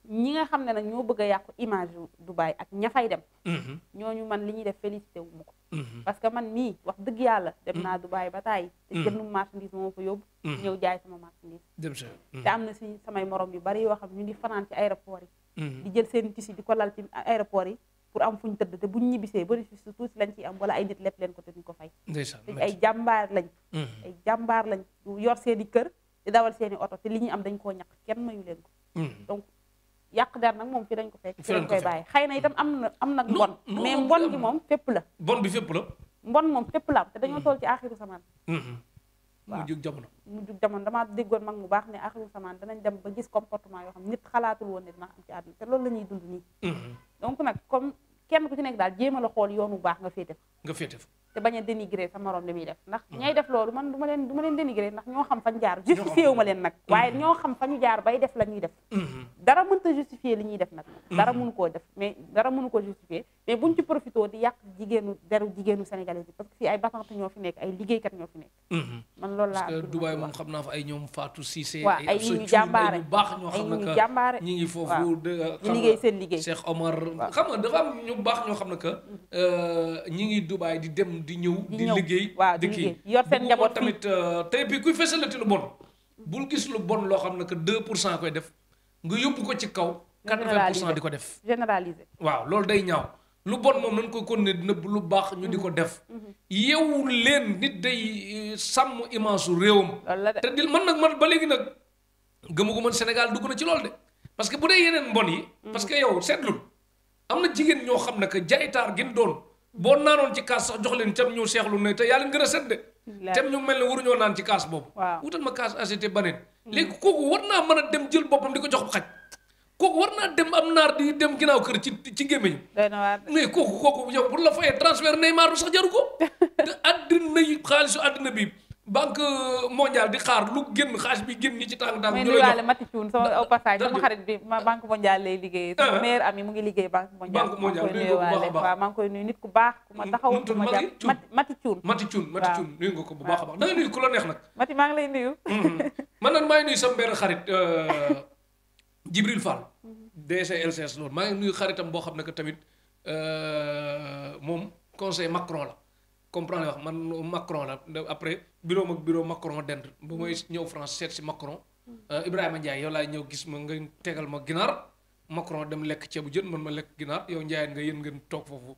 ñi nga xam ne nag ñoo bëgg a yàqu image Dubaay ak ña fay dem. ñooñu man li ñuy def félicité wu ma ko. parce que man mii wax dëgg yàlla. dem naa Dubaay ba taay. te jëndu marchandise moo fa yóbbu. ñëw jaay sama marchandise. te am na si samay morom yu bari yoo xam ñu ni fanaan ci aéroport yi. di jël seen tissu di ko lal ci aéroport yi. pour am fuñ tëdd bu buñ ñibbisee bëri si su tuuti lañ ciy am wala ay nit lepp leen ko te duñ ko fay ay jàmbaar lañ mm-hmm. ay jàmbaar lañ yor seen i kër di dawal seeni oto te li ñuy am dañ koo ñàkk kenn mayu leen ko mm-hmm. donc yàq der nag moom fi dañ ko fekk fi dañ koy bàyyi xëy na itam am na am nag mbon mais mbon gi moom fépp la bon bi fépp mbon moom fépp la am te dañoo mm-hmm. toll ci aaxiru samaan mu jug jamono mu jug jamono damaa déggoon mag mu baax ne axiru samaan danañ dem ba gis comportement yoo xam nit xalaatul woon ne dina am ci àdduna te loolu la ñuy dund nii mm-hmm. donc nag comme kenn ku ci nekk daal jéem a la xool yoon bu baax nga féete fa nga féete fa te bañ a sa morom li muy def ndax mm-hmm. ñay def loolu man du ma leen du ma leen dénigré ndax ñoo xam fañ jaar justifié wu ma leen nag waaye mm-hmm. ñoo xam fa ñu jaar bay def la ñuy def dara mënta justifié li ñuy def nag dara mënu koo def mais dara mënu koo justifié mais buñ ci profité di yàq jigéenu deru jigéenu sénégalais bi fii ay batante ñoo fi nekk ay liggéeykat ñoo fi nekk man loolu laa. parce xam naa fa ay ñoom Fatou Cissé. waaw ay ñu jàmbaare ñu baax ñoo xam ne que ñu ngi foofu. ñu liggéey seen liggéey Cheikh Omar. xam nga dafa am ñu baax ñoo xam na que. Euh, ñi ngi Dubaay di dem di ñëw. di liggéey waaw di liggéey yor seen njaboot tamit euh, tey bi kuy fësalati lu bon. bul gis lu bon loo xam na que 2 pour cent koy def nga yóbbu ko ci kaw. généralisé 80 pour cent di ko def. généralisé waaw loolu day ñaaw lu bon moom nañ ko kon ne nëbb lu baax ñu di ko mhm. def mhm. yeewu leen nit day eh, sàmm image su réewam te di man nag man ba léegi nag gëmagu man Sénégal dugg na ci loolu de parce que bu dee yeneen mbon yi mhm. parce que yow seetlul am na jigéen ñoo xam ne que jaaytaar gin doon boo naanoon ci kaas sax jox leen tam ñu seexlu ne te yaa leen gën a set de tem ñu mel ne waruñoo naan ci kaas boobu wutal ma kaas ACT baneen léegi kooku war naa mën a dem jël boppam di ko jox xaj kooku war naa dem am naar di dem ginnaaw kër ci ci gémmiñ mais kooku kooku yow bu la fayee transfert Neymar du sax jaru ko te àddina yi xaalisu àddina bi banque mondiale di xaar lu génn xaalis bi génn ci tàng tàng ñu lay jox Mati Thioune sama au passage sama xarit bi banque mondiale liggéey sama ah. meilleur ngi liggéey banque mondiale banque mondiale nuyu waale waaw koy nuyu nit ku baax ku ma taxaw ku ma jàpp Mati Thioune Mati Thioune Mati Thioune nuyu nga ko bu baax a baax da ngay nuyu ku la neex nag Mati maa ngi lay nuyu mhm. man na maa ngi nuyu sama benn xarit euh, Jibril Fall DCLCS loolu maa ngi nuyu xaritam boo xam ne que tamit euh, moom conseil Macron la comprendre wax man Macron la après biroom mag bureau Macron dend ba mooy ñëw France seet si Macron euh, Ibrahima Ndiaye yow laay ñëw gis ma nga tegal ma ginaar Macron dem lekk ceebu jën man ma lekk ginaar yow Ndiaye nga yéen ngeen toog foofu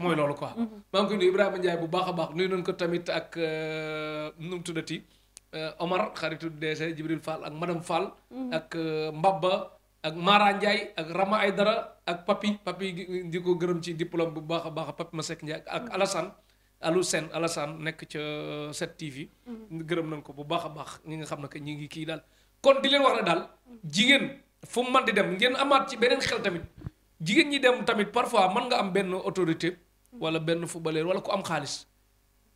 mooy loolu quoi. Mm-hmm. maa ngi koy nuyu Ibrahima Ndiaye bu baax a baax nuyu nañu ko tamit ak euh, nu mu tuddati Omar xaritu DC Jibril Fall ak madame Fall. Mm-hmm. ak Mbabba. ak Mara Ndiaye ak Rama dara ak Papi Papi di ko gërëm ci diplôme bu baax a baax Papi Masek Ndiaye ak mm-hmm. Alassane Alou seen Alassane nekk ca 7TV. Euh, mm-hmm. gërëm nañ ko bu baax a baax ñi nga xam ne que ñi ngi kii daal. kon di leen wax ne daal mm-hmm. jigéen fu man di dem ngeen amaat ci beneen xel tamit jigéen ñi dem tamit parfois mën nga am benn autorité. wala benn footballeur wala ku am xaalis.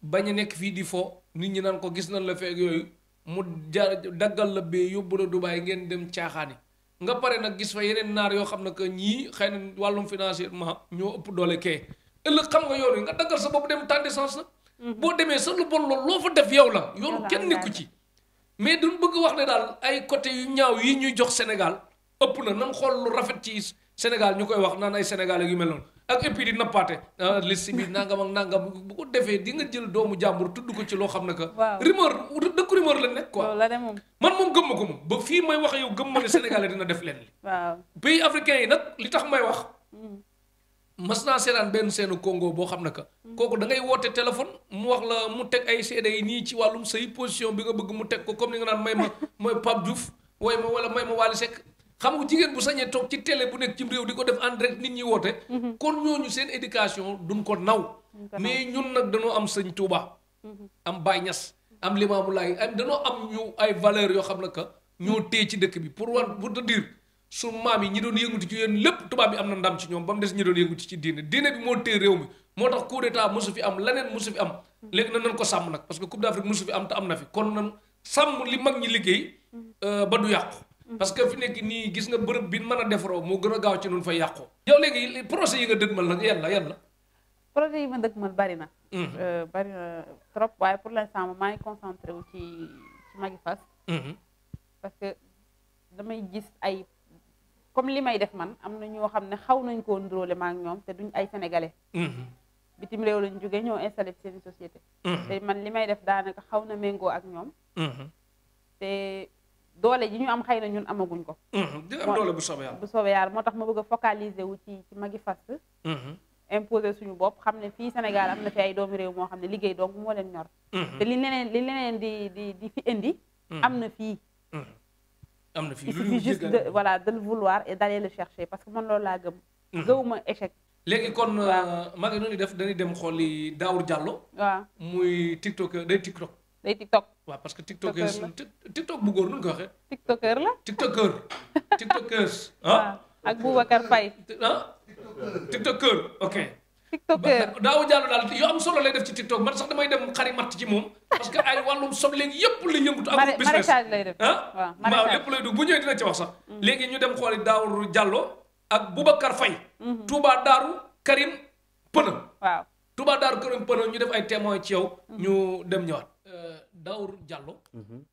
bañ a nekk fii di fo nit ñi naan ko gis nañ la feeg yooyu mu ja daggal la bee yóbbu la ngeen dem caaxaani. nga pare nag gis fa yeneen naar yoo xam ne que ñii xëy na wàllum financièrement ñoo ëpp doole kee ëllëg xam nga yoon yi nga daggal sa bopp dem de sens la. boo demee sax lu bon loolu loo fa def yow la. yoonu kenn nekku ci. mais duñ bëgg wax ne daal ay côté yu ñaaw yi ñuy jox Sénégal ëpp na nan xool lu rafet ci Sénégal ñu koy wax naan ay Sénégalais yu mel noonu ak et puis di nappaate ah, liste bi nangam ak nangam bu ko defee di nga jël doomu jàmbur tudd ko ci loo xam ne que. waaw rumeur dëkk rumeur la nekk quoi. la moom man moom gëm ma ko moom ba fii may wax yow gëm ma ne Sénégalais dina def leen li waaw pays africain yi nag li tax may wax. Mm. mas naa seetaan benn seenu Congo boo xam ne que. Mm. kooku dangay ngay woote téléphone mu wax la mu teg ay seede yi nii ci wàllum sëy position bi nga bëgg mu teg ko comme ni nga naan may ma mooy Pape Diouf wooy ma wala may ma Wally Seck xam nga jigéen bu sañee toog ci télé bu nekk ci réew di ko def en direct nit ñi woote. Mhm. kon ñooñu seen éducation duñ ko naw. mais ñun nag danoo am sañ Touba. Mhm. am Baye Niass am Limaamu Laay am danoo am ñu ay valeurs yoo xam ne que ñoo téye ci dëkk bi pour wan pour te dire su maam yi ñi doon yënguti ci yéen lépp tubaab bi am na ndam ci ñoom ba mu des ñi doon yënguti ci diine diine bi moo téye réew mi moo tax coup d'état mosu fi am leneen mosu fi am. Mhm. léegi na nan ko sàmm nag parce que Coupe d'Afrique mosu fi am te am na fi kon nan sàmm li mag ñi liggéey. Euh, ba du yàqu. parce que fi nekk nii gis nga bërëb bi mën a defaroo moo gën a gaaw ci nun fa yàqu. yow léegi projet yi nga dëgmal nag yàlla yàlla. projet yi ma dëgmal bari na. Mhm. Euh, bari trop waaye pour l'instant ma maa ngi concentré wu ci ci Maggy mhm. parce que damay gis ay comme li may def man am na ñoo xam ne xaw nañ koo ndróole ma ak ñoom te duñ ay sénégalais. Mhm. bitim réew lañ jógee ñoo installé seen société. te man li may def daanaka xaw na méngoo ak ñoom. te doole ji ñu am xëy na ñun amaguñ ko. Mhm. di am doole bu soobee yàlla moo tax ma bëgg a focaliser wu ci ci magi fas. Mhm. imposer suñu bopp xam ne fii Sénégal am na fi ay doomi réew moo xam ne liggéey donc moo leen ñor. Mhm. te li leneen li leneen di di di fi indi. am na fii. am na fii lu ñu juste de voilà de le vouloir et d'aller le chercher parce que man loolu laa gëm. gëwuma échec. léegi kon euh, maa ngi def dañuy dem xooli Daour Diallo. waaw muy TikTok day TikTok. day TikTok. waaw parce que tiktokers tiktok bu góor nu ko waxee. tiktoker la tiktoker. tiktokers ah. ak Boubacar Faye. ah tiktoker ok. tiktoker daal yu am solo lay def ci tiktok man sax damay dem xari matt ci moom parce que ay wàllum soble léegi yëpp lay yëngatu. ak business ah? bu ñëwee dina ci mm. ñu dem xooli Daawur Jàllo ak Boubacar Faye. Mm-hmm. Touba Daaru Karim Pëna. waaw Touba Daaru Karim Pëna ñu def ay témoins ci yow. Mm-hmm. ñu dem ñëwaat. Daour Diallo. Mhm.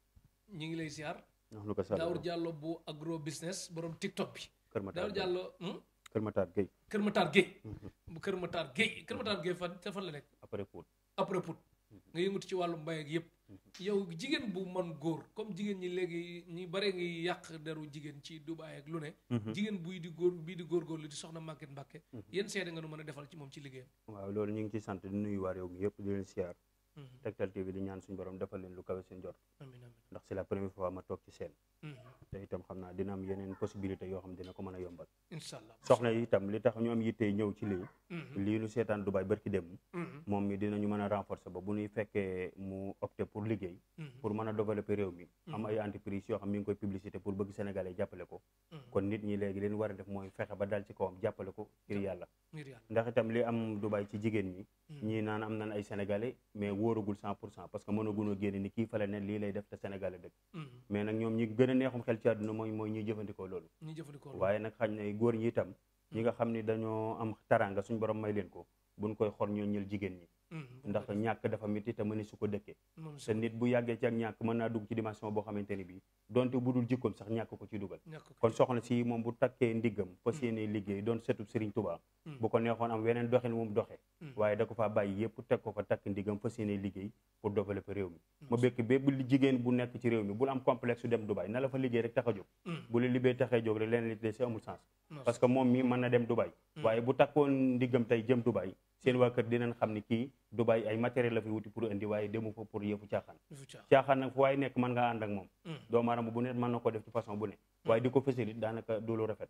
ñu ngi lay ziar. Daour Diallo bu agro business borom TikTok bi. Kër Matar Gueye Daour Diallo. Hmm? Kër Matar Gueye. Kër Matar Gueye. Mhm. bu Kër Matar Gueye Kër Matar Gueye fan te fan la nekk. après Pout. après Pout. Mhm. nga yëngatu ci wàllu mbay ak yëpp. yow jigéen bu man góor comme jigéen ñi léegi ñu bare ngi yàq deru jigéen ci Dubaay ak lu ne. jigéen buy di góor bii di góorgóorlu di soxna Maguette Mbacke. yéen seede nga nu mën a defal ci moom ci liggéeyam. waaw loolu ñu ngi ciy sant di nuyu waa réew mi yëpp di leen Mhm. Tektal TV di ñaan suñu borom defal leen lu kawe seen jot ndax c'est la première fois ma toog ci seen mhm. te itam xam naa dina am yeneen possibilité yoo xam dina ko mën a yombal inshallah soxna yi itam li tax ñu am yittee ci lii mhm. mi a a ñi léegi a am naan ay sénégalais mais wóoragul cent pour cent parce que mënaguñoo génn ni kii fale ne lii lay def te Sénégal la dëkk mm-hmm. mais nag ñoom ñi gën a neexum xel ci àdduna mooy mooy ñuy jëfandikoo loolu waaye nag xañ na góor ñi itam ñi nga mm-hmm. xam ni dañoo am taranga suñ borom may leen ko buñ koy xor ñoo ñël jigéen ñi Mm, ndax ñàkk dafa métti te mëne su ko dëkkee te nit bu yàggee ci ak ñàkk mën naa dugg ci dimension boo xamante ni bii donte bu dul jikkoom sax ñàkk ko ci dugal kon soxna si moom bu takkee ndiggam fas yéene mm. liggéey doon setub Serigne Touba mm. bu ko neexoon fa réew mi ma békk bépp jigéen bu nekk ci réew mi bul am complexe dem Dubaï na fa liggéey rek tax a jóg bu la liggéey taxee jóg rek leneen li ci amul sens parce que moom mi mën na dem Dubaï waaye bu takkoon ndiggam tey jëm Dubaï seen waa kër dinañ xam ne kii du ay matériel la fi wuti pour indi waaye demu pour yëfu caaxaan caaxaan nag fu waaye nekk mën ngaa ànd ak moom mm. bu ne mën na ko def ci façon bu ne waaye di ko fësal it daanaka du lu rafet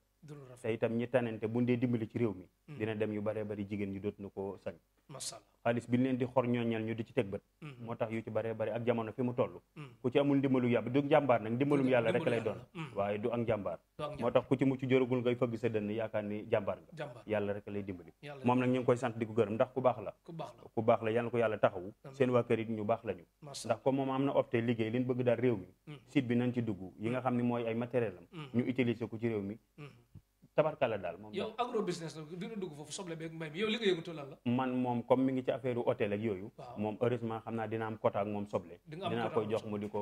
te itam ñi tanante buñ dee dimbali ci réew mi mm. dina dem yu baree bari jigéen ñi dootu na ko sañ xaalis bi ñu leen di xor ñooñal ñu di ci teg bët mm-hmm. moo tax yu ci baree bari ak jamono fi mu toll mm. ku ci amul ndimbalu yàlla du jàmbaar nag ndimbalum yàlla rek lay doon mm. waaye du ak jàmbaar moo tax ku ci mucc jorogul ngay fëgg sa dënn yaakaar ni jàmbaar nga yàlla rek lay dimbali moom nag ñu ngi koy sant di ko gërëm ndax ku baax la ku baax la yàlla ko yàlla taxawu seen waa kër it ñu baax lañu ndax comme am na opté liggéey liñ bëgg ñu utiliser ko ci réew mi tabarkalla daal moom yow agro business nag dina dugg foofu soble beeg mbay mi yow li nga yëngatu la man moom comme mi ngi ci affaire hôtel ak yooyu moom heureusement xam naa dina am quota moom soble dinaa koy jox mu di ko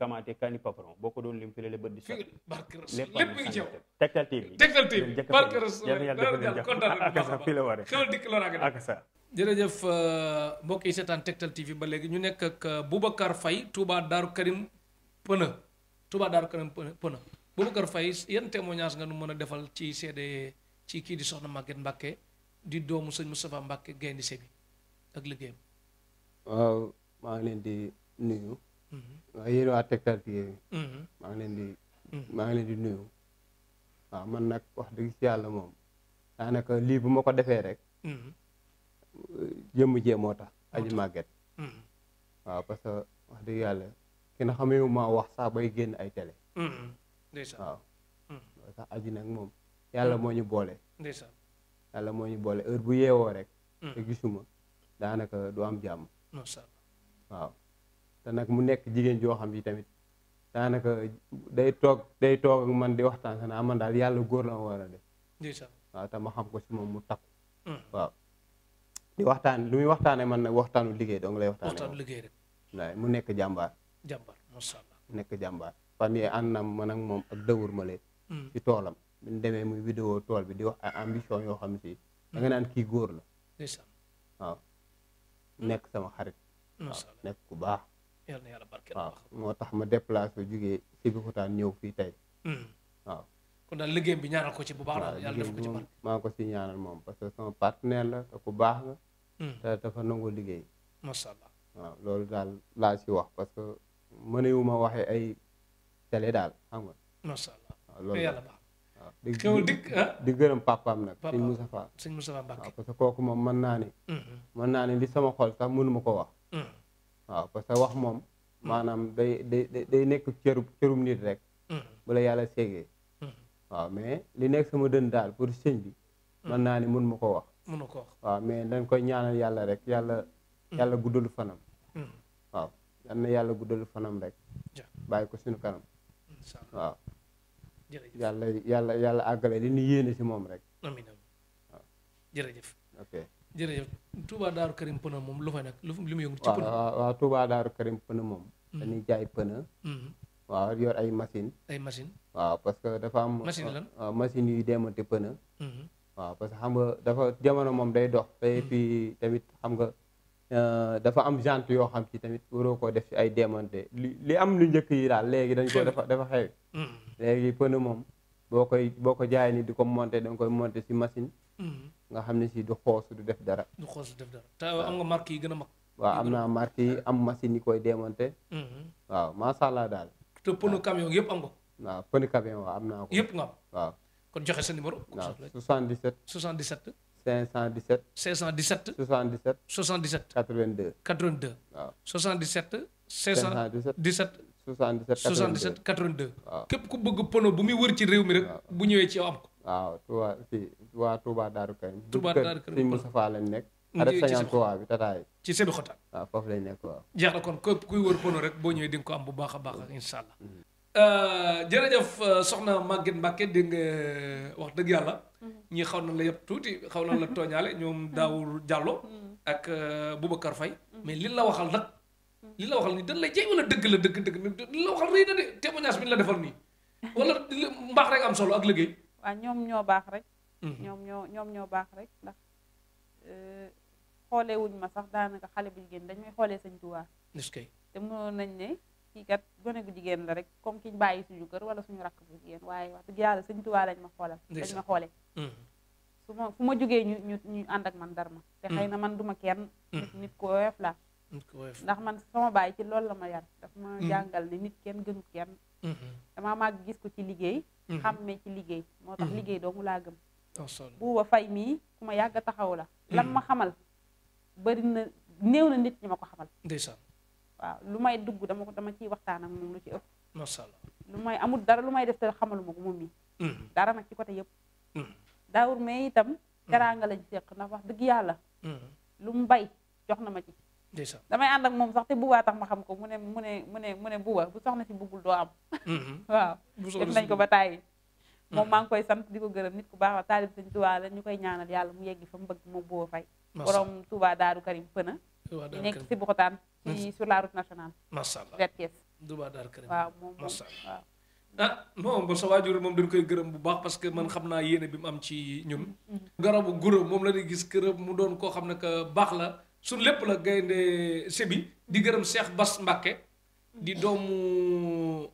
kamaate kaani paparon boo ko doon lim fi la bët di sotti lépp mi ngi ci yow Tektal TV Tektal jërëjëf euh, mbokk yi seetaan Tektal TV ba léegi ñu nekk ak euh, Boubacar Faye Touba Darou Karim Pëna Touba Darou Karim Pëna Boubacar fay yan témoignage nga nu mën a defal ci seede ci kii di soxna Maguette Mbacké di doomu sëñ Moustapha Mbacké Gaynde Sébi ak liggéeyam waaw maa ngi leen di nuyu Mm-hmm. waaw yéen waa Tektal TV mm-hmm. maa ngi leen di mm-hmm. maa ngi leen di nuyu waaw man nag wax dëgg yàlla moom daanaka lii bu ma ko defee rek jëmm jee moo tax aji màgget waaw parce que wax dëgg yàlla ki na xamewu maa wax saaba yi génn ay télé waaw sax aji nag moom yàlla moo ñu boole yàlla moo ñu boole heure bu yeewoo rek te gisuma daanaka du am jàmm waaw te nag mu nekk jigéen joo xam ji tamit daanaka day toog day toog man di waxtaan sana man daal yàlla góor la ma war a def waaw te ma xam ko si moom mu takku mm. waaw di waxtaan lu muy waxtaane man nag waxtaanu liggéey dong lay waxtaanu liggéey rek mu nekk jàmbaar jàmbaar nekk jàmbaar fan yee ànd na man moom ak dawur ma leen mm. ci toolam bu demee muy vidéo tool bi di wax ay ambition yoo xam si mm. da nga naan kii góor la waaw nekk sama xarit nekk ku baax yàlla na yàlla moo tax ma déplacé jugee Sébikotane ñëw fii tey. Hmm. waaw. kon bi ñaanal ko ci bu baax daal ko ci barke. maa ko ci ñaanal moom parce que sama partenaire la te ku baax nga. Hmm. te dafa nangoo liggéey. macha loolu daal laa ci wax parce que ma waxee ay télé daal xam nga. macha allah waaw loolu di ah? di gërëm papaam nag. papaam sëñ Moustapha Mbacké waaw parce que kooku moom mën naa ne. Hmm. mën naa ne li sama xol sax mënuma ko wax. waaw parce que wax moom maanaam day day day nekk cëru cërum nit rek mm-hmm. bu la yàlla seegee mm-hmm. waaw mais li nekk sama dën daal pour sëñ bi man mm-hmm. naa ni mun ma ko wax mun ko wax mais dañ koy ñaanal yàlla rek yàlla yàlla guddalu fanam waaw yal na yàlla guddalu fanam rek bàyyi ko suñu kanam waaw yàlla yàlla yàlla àggale li ñu yéene ci moom rek waaw jërëjëf jërëjëf Touba Daaru Karim Pënë moom lu fa nekk lu mu yëngu ci pënë waaw waaw Touba Daaru Karim Pënë moom hmm. dañuy jaay pënë hmm. waaw ay machine ay machine parce que dafa am machine lan machine yuy hmm. parce que xam nga dafa jamono moom day dox te puis euh, am gent yoo xam ci tamit waroo koo def ci ay démonté li li am lu njëkk yi daal léegi dañ ko dafa dafa xew pënë moom boo koy boo ko jaay ni di ko monté da nga koy monté si machine nga xam ne si du xoosu du def dara. du xoosu du def dara te am nga marque yi gën a mag. waaw am naa marque yi am machine yi koy démonté. Mm-hmm. waaw macha allah daal. te pneu camion yëpp am nga. waaw pneu camion waaw am naa ko. yëpp nga am waaw. kon joxe sa numéro. waaw 77. 77. 517. 517. 77. 77. 82. 82. waaw 77. 517 17. 77 82. waaw képp ku bëgg pneu bu muy wër ci réew mi rek. bu ñëwee ci am waaw Touba fii waa Touba Darou Karim. Touba Darou Karim Sëñ Moustapha lañ nekk. arrêt cinquante trois bi tataay ci Sëbi Xota waaw foofu lañ nekk waaw. jeex na kon képp kuy wër pono rek boo ñëwee di nga ko am bu baax a baax mm. incha allah. Mm. Euh, jërëjëf euh, soxna Maguette Mbacke di nga euh, wax dëgg yàlla. Mm-hmm. ñii xaw na la yëpp tuuti xaw na la tooñaale ñoom mm-hmm. Daawul Diallo. Mm-hmm. ak Boubacar Faye mais li la waxal nag. li la waxal nii dañ lay jey wala dëgg la dëgg dëgg li la waxal rëy na de témoignage bi ñu la defal nii. wala mbaax rek am solo ak liggéey waaw ñoom ñoo baax rek. Mhm. ñoom ñoo ñoom ñoo baax rek ndax euh, xoolee wuñ ma sax daanaka xale bu jigéen dañ may xoolee sëñ Tuubaa. te mënoon nañ ne kii kat gone gu jigéen la rek comme ki bàyyi suñu kër wala suñu rakk bu jigéen waaye wax dëgg yàlla sëñ Tuubaa lañ ma xoolal. dañ ma xoolee. Mhm. su ma fu ma jógee ñu ñu ñu ànd ak man dara ma. te mhm. xëy na man duma kenn. nit ko woyof la ndax man sama baay ci loolu la ma yar. daf ma jàngal ne nit kenn gënu kenn. dama màgg gis ko ci liggéey. Mhm. me ci liggéey moo tax mhm. liggéey doomu laa gëm buuba fay mii ku ma yàgg a taxaw la lam mhm. ma xamal bari na néew na nit ñi ma ko xamal ndeysaan waaw lu may dugg dama ko dama ciy waxtaan ak moom lu ci ëpp macha allah lu may amul dara lu may def te xamaluma ko moom mi dara ma ci côté yëpp daawur mais itam teraanga lañ seq ndax wax dëgg yàlla lu mu bay jox na ma ci damay ànd ak moom sax te buubaa tax ma xam ko mu ne mu ne mu ne mu ne buuba bu soxna si buggul doo am mm-hmm. waaw def nañ ko ba tàyyi mm-hmm. moom maa ngi koy sant di ko gërëm nit ku baax wa taalib sëñ Tuubaa ñu koy ñaanal yàlla mu yegg fa mu bëgg moom buuba fay borom Tuubaa Daaru nekk si Boxotaan ci sur la route nationale macha allah ret kees Tuubaa Daaru Karim waaw moom waaw ah sa waajur moom dañ koy gërëm bu baax parce que man xam naa yéene bi mu am ci ñun mm-hmm. garabu gura moom la di gis këram mu doon koo xam ne que baax la suñ lépp la gaynde sébi di gërëm Cheikh bas mbakke di doomu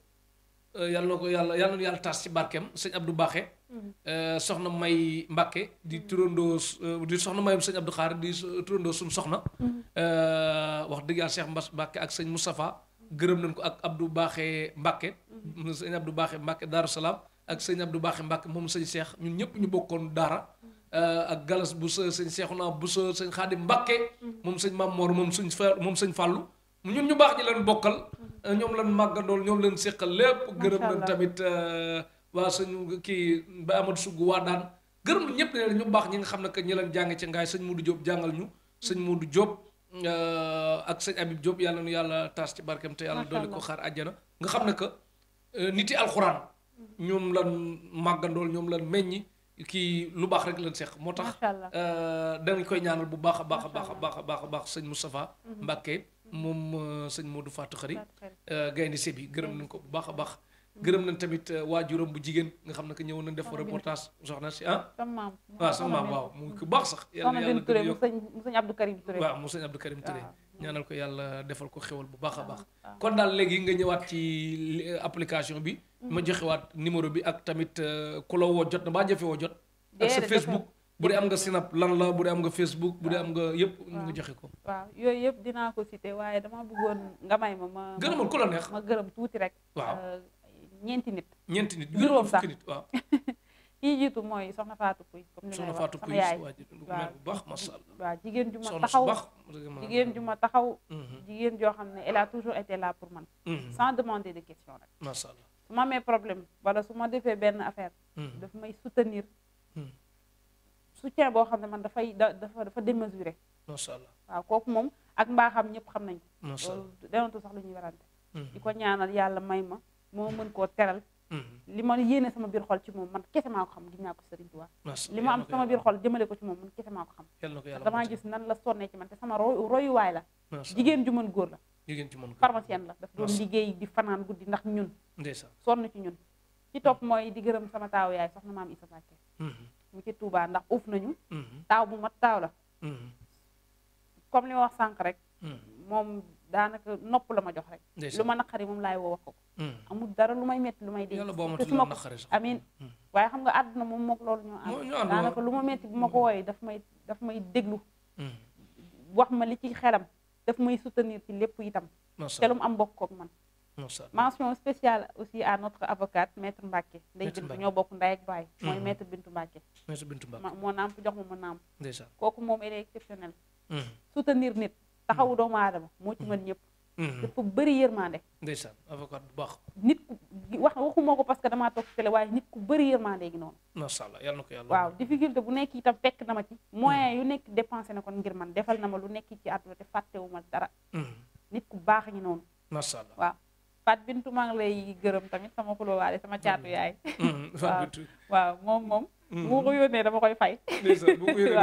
euh, yàlla na ko yàlla yàlla na yàlla taas ci barkeem sëñ Abdou Baaxe mm-hmm. euh, soxna May Mbacke di mm-hmm. turandoo euh, di soxna Mayam sëñ Abdou Xaar di turandoo suñ soxna mm-hmm. wax dëgg yàlla mbas Bass Mbacke ak sëñ Moustapha gërëm nañ ko ak Abdou Baaxe Mbacke sëñ Abdou Baaxe Mbacke Daaru Salaam ak sëñ Abdou Baaxe Mbacke moom sëñ Cheikh ñun ñëpp ñu bokkoon daara Euh, ak galas bu sa sëñ naa bu sa sëñ Xaadim Mbàkke moom sëñ Maam Moor moom sëñ fa moom sëñ Fàllu ñun ñu baax ñi leen bokkal euh, ñoom leen màggandool ñoom leen séqal lépp gërëm leen tamit euh, waa sëñ kii ba Amadou Sugg waa ñëpp ñu baax ñi xam ne que ñi leen jàng ci ngaay sëñ Modou Diop jàngal ñu sëñ Modou Diop ak sëñ Habib Diop yàlla nu yàlla taas ci barkeem te yàlla doole ko xaar àjjana nga xam ne que nit yi alxuraan mm-hmm. ñoom lan màggandool ñoom lan meññi kii lu baax rek lañ seex moo tax euh, danañ koy ñaanal bu baax a baax a baax a baax a baax a baax sëñ Moustapha mhm. Mbacke moom euh, sëñ Modou Fatou Khari gaynde bi gërëm nañ ko bu baax a baax gërëm nañ tamit euh, waajuram bu jigéen nga xam ne que ñëw nañ def reportage soxna si ah. waaw sama maam ah, waaw mu ngi ko baax sax. yàlla yàlla gën a yokk mu sëñ Abdou Karim Touré. waaw mu sëñ Abdou Karim Touré. Ah. ñaanal ko yàlla defal ko xewal bu baax a ah. baax. kon daal léegi nga ñëwaat ci euh, application bi. Mm-hmm. ma joxewaat numéro bi ak tamit euh, ku la woo jot na baa jafe woo jot. ak sa Facebook bu dee am nga Snap lan la bu dee am nga Facebook bu dee am nga yëpp nga joxe ko. waaw yooyu yëpp dinaa ko waaye dama bëggoon nga may ma ma. gërëmal rek. ñeenti nit. ñeenti nit yuroom sax nit waaw. jiitu mooy soxna Fatou Pouy. comme ni nga wax sama yaay soxna bu baax macha allah. waaw jigéen ju ma taxaw ju ma taxaw. Mhm. jigéen joo xam ne elle a toujours été la pour man. Mhm. sans demander de question rek. macha allah su ma amee problème wala su ma defee benn affaire. Mhm. dafa may soutenir. soutien boo xam ne man dafay da dafa dafa démesuré. macha allah waaw kooku moom ak mbaaxam ñëpp xam nañ ko. macha allah sax lu ñu warante. di ko ñaanal yàlla may ma. moo mën koo teral mm-hmm. li ma yéene sama biir xol ci moom man kese maa xam gis ma am sama biir xol jëmale ci moom man kese maa ko xam damaa gis nan la sonnee ci man te sama royuwaay la jigéen ju mën góor la pharmacienne la daf liggéey di fanaan guddi ndax ñun sonn ci ñun ci topp mooy di gërëm sama taaw yaay soxna maam Issa Mbacke mm-hmm. mu ci Touba ndax uuf nañu mm-hmm. taaw bu mat taaw la comme li ma wax sànq rek moom daanaka nopp la ma jox rek lu ma naqari moom laay wo wax ko hmm. amul dara lu may metti lu may dégg su ma ko amin hmm. waaye xam nga àdduna moom mook loolu ñoo ànd daanaka lu ma metti bu ma ko hmm. wooyee daf may daf may déglu wax ma li ci xelam daf may soutenir ci lépp itam te lu mu am bokk kook man mention spéciale aussi à notre avocate maître Mbacke nday bintu ñoo bokk nday ak baay mooy maître bintu Mbacke moo nàmp jox ma ma nàmp kooku moom elle est exceptionnelle soutenir taxawu hmm. doomu aadama moo ci hmm. mën ñëpp hmm. dafa bëri yërmande ndeysaan avocat bu baax nit ku wax waxuma ko parce que dama toog ci télé waaye nit ku bëri yërmande gi noonu macha allah yal ko yàlla waaw difficulté bu nekk itam fekk na ma ci moyen yu nekk dépensé na kon ngir man defal na ma lu nekk ci àdduna te fàttewu ma dara nit ku baax ñi noonu macha allah waaw Fat Bintu maa ngi lay gërëm tamit sama xulóowaale sama caatu yaay waaw moom moom bu mm-hmm. ko yónnee dama koy fay.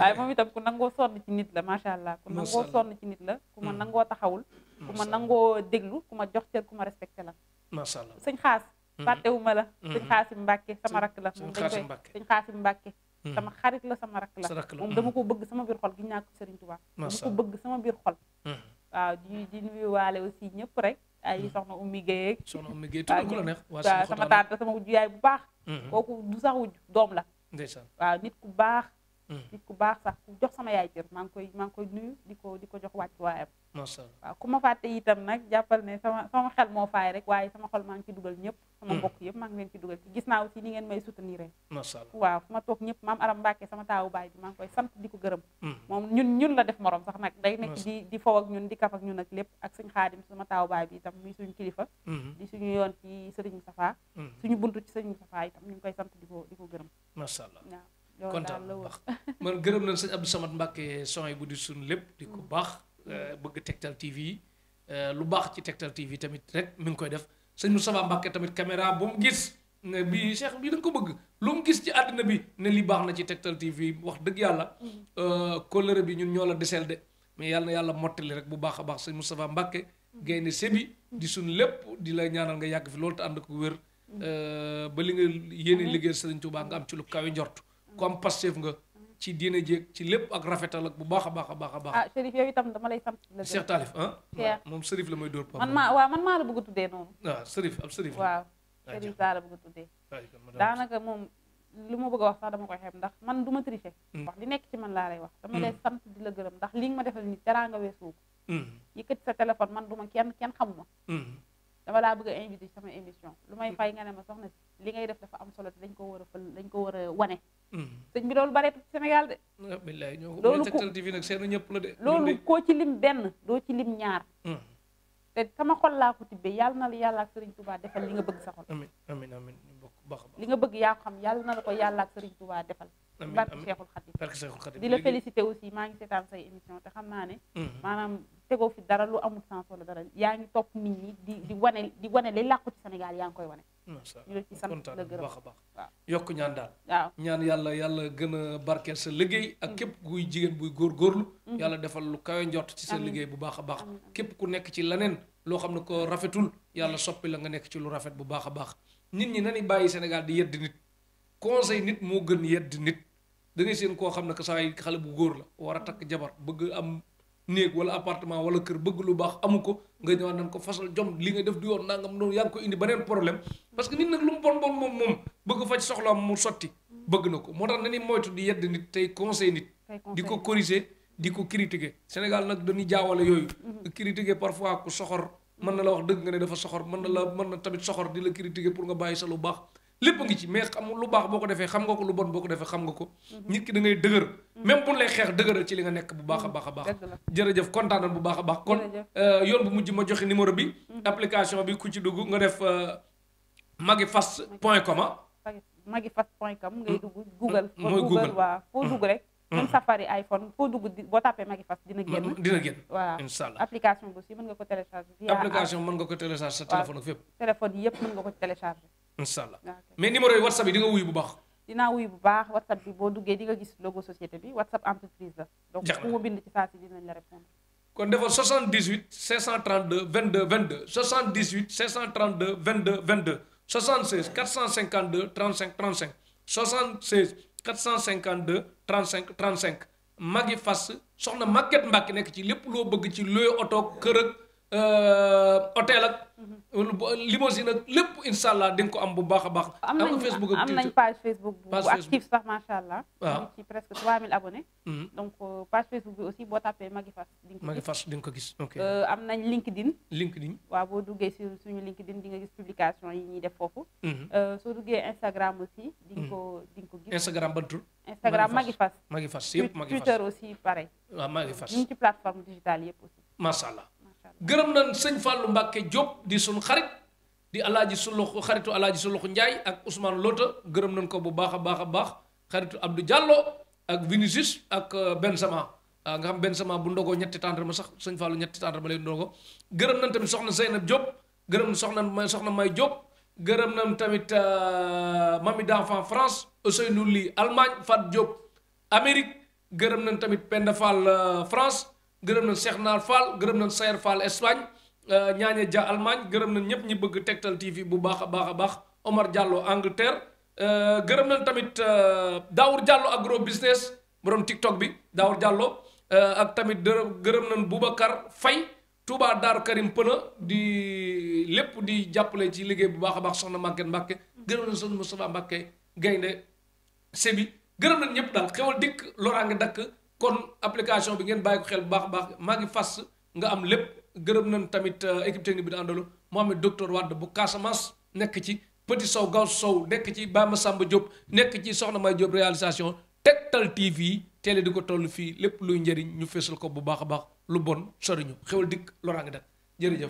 waaw moom itam ku nangoo sonn ci nit la macha allah. ku nangoo sonn ci nit la ku ma mm. nangoo taxawul. ku ma nangoo déglu ku ma jox cër ku ma respecté la. macha allah sëñ xaas. Mm-hmm. fàttewuma la. Mm-hmm. sëñ xaasi mbàkke sama rakk la. moom dañ koy sëñ xaasi mbàkke. sama la sama rakk la dama ko bëgg sama biir xol gi ñàkk Serigne Touba. dama ko bëgg sama biir xol. waaw di di nuyuwaale aussi ñëpp rek. ay soxna ummi Guèye. soxna ummi Guèye tudd ko la neex. waaw sama tante sama wujju yaay bu baax. Mm-hmm. kooku du sax wujju doom la. ndeysaan waaw nit ku baax. Hmm. nit ku baax sax ku jox sama yaay cër maa ngi koy maa ngi koy nuyu di ko di ko jox wàccuwaayam macha allah ku ma fàtte itam nag jàppal ne sama sama xel moo faay rek waaye sama xol maa ngi ci dugal ñëpp sama hmm. mbokk yëpp maa ngi leen ci gis naa aussi ni ngeen may soutenir macha allah waaw fu ñëpp maam aram Mbàkke sama taawu baay bi maa ngi koy sant di ko gërëm hmm. moom ñun ñun la def morom sax nag day nekk di di fow ak ñun di kaf ak ñun ak lépp ak suñ xaadim sama taawu baay bi itam muy suñu kilifa di suñu yoon ci sëriñ Safa suñu buntu ci sëriñ Safa itam ñu ngi koy sant di ko di ko gërëm macha allah kontaan bu baax man gërëm na sëñ Abdou Samad Mbacke son yi bu di suñ lépp di ko mm. baax euh, bëgg Tektal TV euh, lu baax ci Tektal TV tamit rek mi ngi koy def sëñ Moustapha Mbacke tamit caméra bu mu gis bi bii mm. Cheikh bii da ko bëgg lu mu gis ci àddina bi ne li baax na ci Tektal TV wax dëgg yàlla mm. euh, kóllëre bi ñun ñoo la deseel de mais yàlla na yàlla mottali rek bu baax a baax sëñ Moustapha Mbacke gaynde sebi di suñ lépp di la ñaanal nga yàgg fi loolu te ànd ko wér ba li yéene liggéeyal sëriñ Tuubaa nga am ci lu kawe njort comme Pastef nga ci diina jéeg ci lépp ak rafetal ak bu baax a baax a baax a baax. ah Chérif yow dama lay sant. la Cheikh ah? moom Chérif la may dóor Pape. man maa man maa la bëgg a tuddee noonu. waaw ah, Chérif ab Chérif. waaw Chérif laa la bëgg a tuddee. daanaka moom lu ma bëgg wax sax dama koy xeeb ndax man du ma tricher. Hmm. wax li nekk ci man laa lay wax. dama hmm. lay sant di la gërëm ndax li nga ma defal nii dara nga weesu ko. Hmm. yëkkati sa téléphone man du ma kenn kenn xamuma. dama laa bëgg a sama émission lu may fay nga ne ma soxna si li ngay def dafa am solo dañ ko war a fël dañ ko war a wane. Hmm. sëñ bi loolu bareetul Sénégal de. alhamdulilah ñoo ko Tektal TV nag seen ñëpp la de. koo ci lim benn doo ci lim ñaar. Hmm. te sama xol laa ko tibbee yàlla na la yàlla ak Serigne Touba defal li nga bëgg sa xol. amiin amiin amiin li nga bëgg yaa ko xam yàlla na la ko yàlla ak Serigne Touba defal. barke Cheikhul Khadim barke Cheikhul Khadim di la féliciter aussi maa ngi seetaan say émission te xam naa ne mhm. maanaam tegoo dara lu amul sens wala dara yaa ngi topp nit wane di wane li làqu ci yaa ngi koy wane ñu la ci sant la gërëm a baax waaw yokk ñaan daal ñaan yàlla yàlla gën a barkeel sa liggéey ak mhm. képp kuy jigéen buy góor góorgóorlu mhm. yàlla defal lu kawe njort ci sa liggéey bu baax a baax képp ku nekk ci leneen loo xam ne ko rafetul yàlla soppi la nga nekk ci lu rafet bu baax a baax nit ñi nañu bàyyi Sénégal di yedd nit conseil nit moo gën yedd nit da seen koo xam ne que saa yi xale bu góor la war a takk jabar bëgg am néeg wala appartement wala kër bëgg lu baax amu ko nga ñëwaat nan ko fasal jom li nga def du yoon nangam noonu yaa ngi ko indi beneen problème parce que nit nag lu mu bon bon moom moom bëgg faj soxla mu sotti bëgg na ko moo tax nañu moytu di yedd nit tey conseil nit di ko corriger di ko critiquer Sénégal nag dañuy jaawale yooyu mm-hmm. critiquer parfois ku soxor mën na la wax dëgg nga soxor mën na la mën na tamit soxor di la critiquer pour nga bàyyi sa lu baax lépp ngi ci mais xam lu baax boo ko defee xam nga ko lu bon boo ko defee xam nga ko mhm. nit ki da dëgër mhm. même bu lay xeex dëgëral ci li nga nekk bu baax a mhm. baax a baax jërëjëf kontaan bu baax a baax kon euh, yoon bu mujj ma joxe numéro bi application bi ku ci dugg nga def euh, fas point com ah. magifast point com ngay hmm. dugg google hmm. mooy google waaw foo hmm. dugg rek Mm. même safari iphone foo dugg di boo tàppee Maggi Fast dina mm, génn dina génn voilà incha allah application bi aussi mën nga ko télécharger sa téléphone ak fépp téléphone yi yëpp nga ko télécharger incha allah ah, mais numéro yi whatsapp yi di nga wuyu bu baax dinaa wuyu bu baax whatsapp bi boo duggee di nga gis logo société bi whatsapp entreprise la donc ku mu bind ci saa si dinañ la répondre kon defal 78 532 22 22 78 532 22 22 76 452 35 35 76 452 35 35 magi fas soxna Maguette Mbacke nekk ci lépp loo bëgg ci looy oto kër Euh, hôtel ak. Mhm. limousine ak lépp incha di nga ko am bu baax a am nañu Facebook am nañu page Facebook. bu active sax macha allah. waaw ci presque 3000 abonnés. Mhm. donc euh, Facebook bi aussi boo tapee Maggy Fass di ko gis Maggy Fass nga ko gis ok. Euh, am nañ LinkedIn. LinkedIn waaw boo duggee sur suñu LinkedIn di nga gis publication yi ñuy def foofu. Mhm. soo duggee Instagram aussi. di nga ko di nga ko gis. Instagram ban tur. Instagram Maggy Fass Maggy Fass yëpp Maggy Fass Twitter aussi pareil. waaw ah, Maggy Fass yëpp aussi. macha gërëm nañ sëñ Fallou Mbacke Diop di suñ xarit di alaaji suluxu xaritu alaaji suluxu Ndiaye ak Ousmane Lota gërëm nañ ko bu baax a baax a baax xaritu Abdou Diallo ak Vinicius ak euh, Benzema waaw nga xam Benzema bu ndogoo ñetti tàndar ma sax sëñ Fallou ñetti tàndar ma lay ndogoo gërëm nañ tamit soxna Zeynab Diop gërëm na soxna may soxna May Diop gërëm na tamit euh, mami d'enfant France Ousseynou Ly Allemagne Fat Diop Amérique gërëm nañ tamit Penda Fall euh, France gërëm na Cheikh Naar Fall gërëm nañ Sayer Fall Espagne euh, ñaañe Dia Allemagne gërëm nañ ñëpp ñi bëgg Tektal TV bu baax a baax a baax Omar Diallo Angleterre euh, gërëm na tamit euh, Daour Diallo agro business borom TikTok bi Daour jàlloo ak tamit gërëm nañ Boubacar Faye Touba Daaru Karim Pëna di lépp di jàppale ci liggéey bu baax a baax soxna Maguette Mbacke gërëm nañ soxna Moustapha Mbacke gaynde Sébi gërëm na ñëpp daal xewal dikk loraange dakk kon application bi ngeen bàyyi ko xel bu baax a baax maa ngi fas nga am lépp gërëm nañ tamit euh, équipe technique bi di àndalu Mohamed doctor Wade bu Casamance nekk ci Petit Sow Gaw Sow nekk ci Bama Samba jóg nekk ci Soxna May Diop réalisation teg Tektal TV tele di ko toll fii lépp luy njëriñ ñu fésal ko bu baax a baax lu bon soriñu xewal dikk loraa ngi dak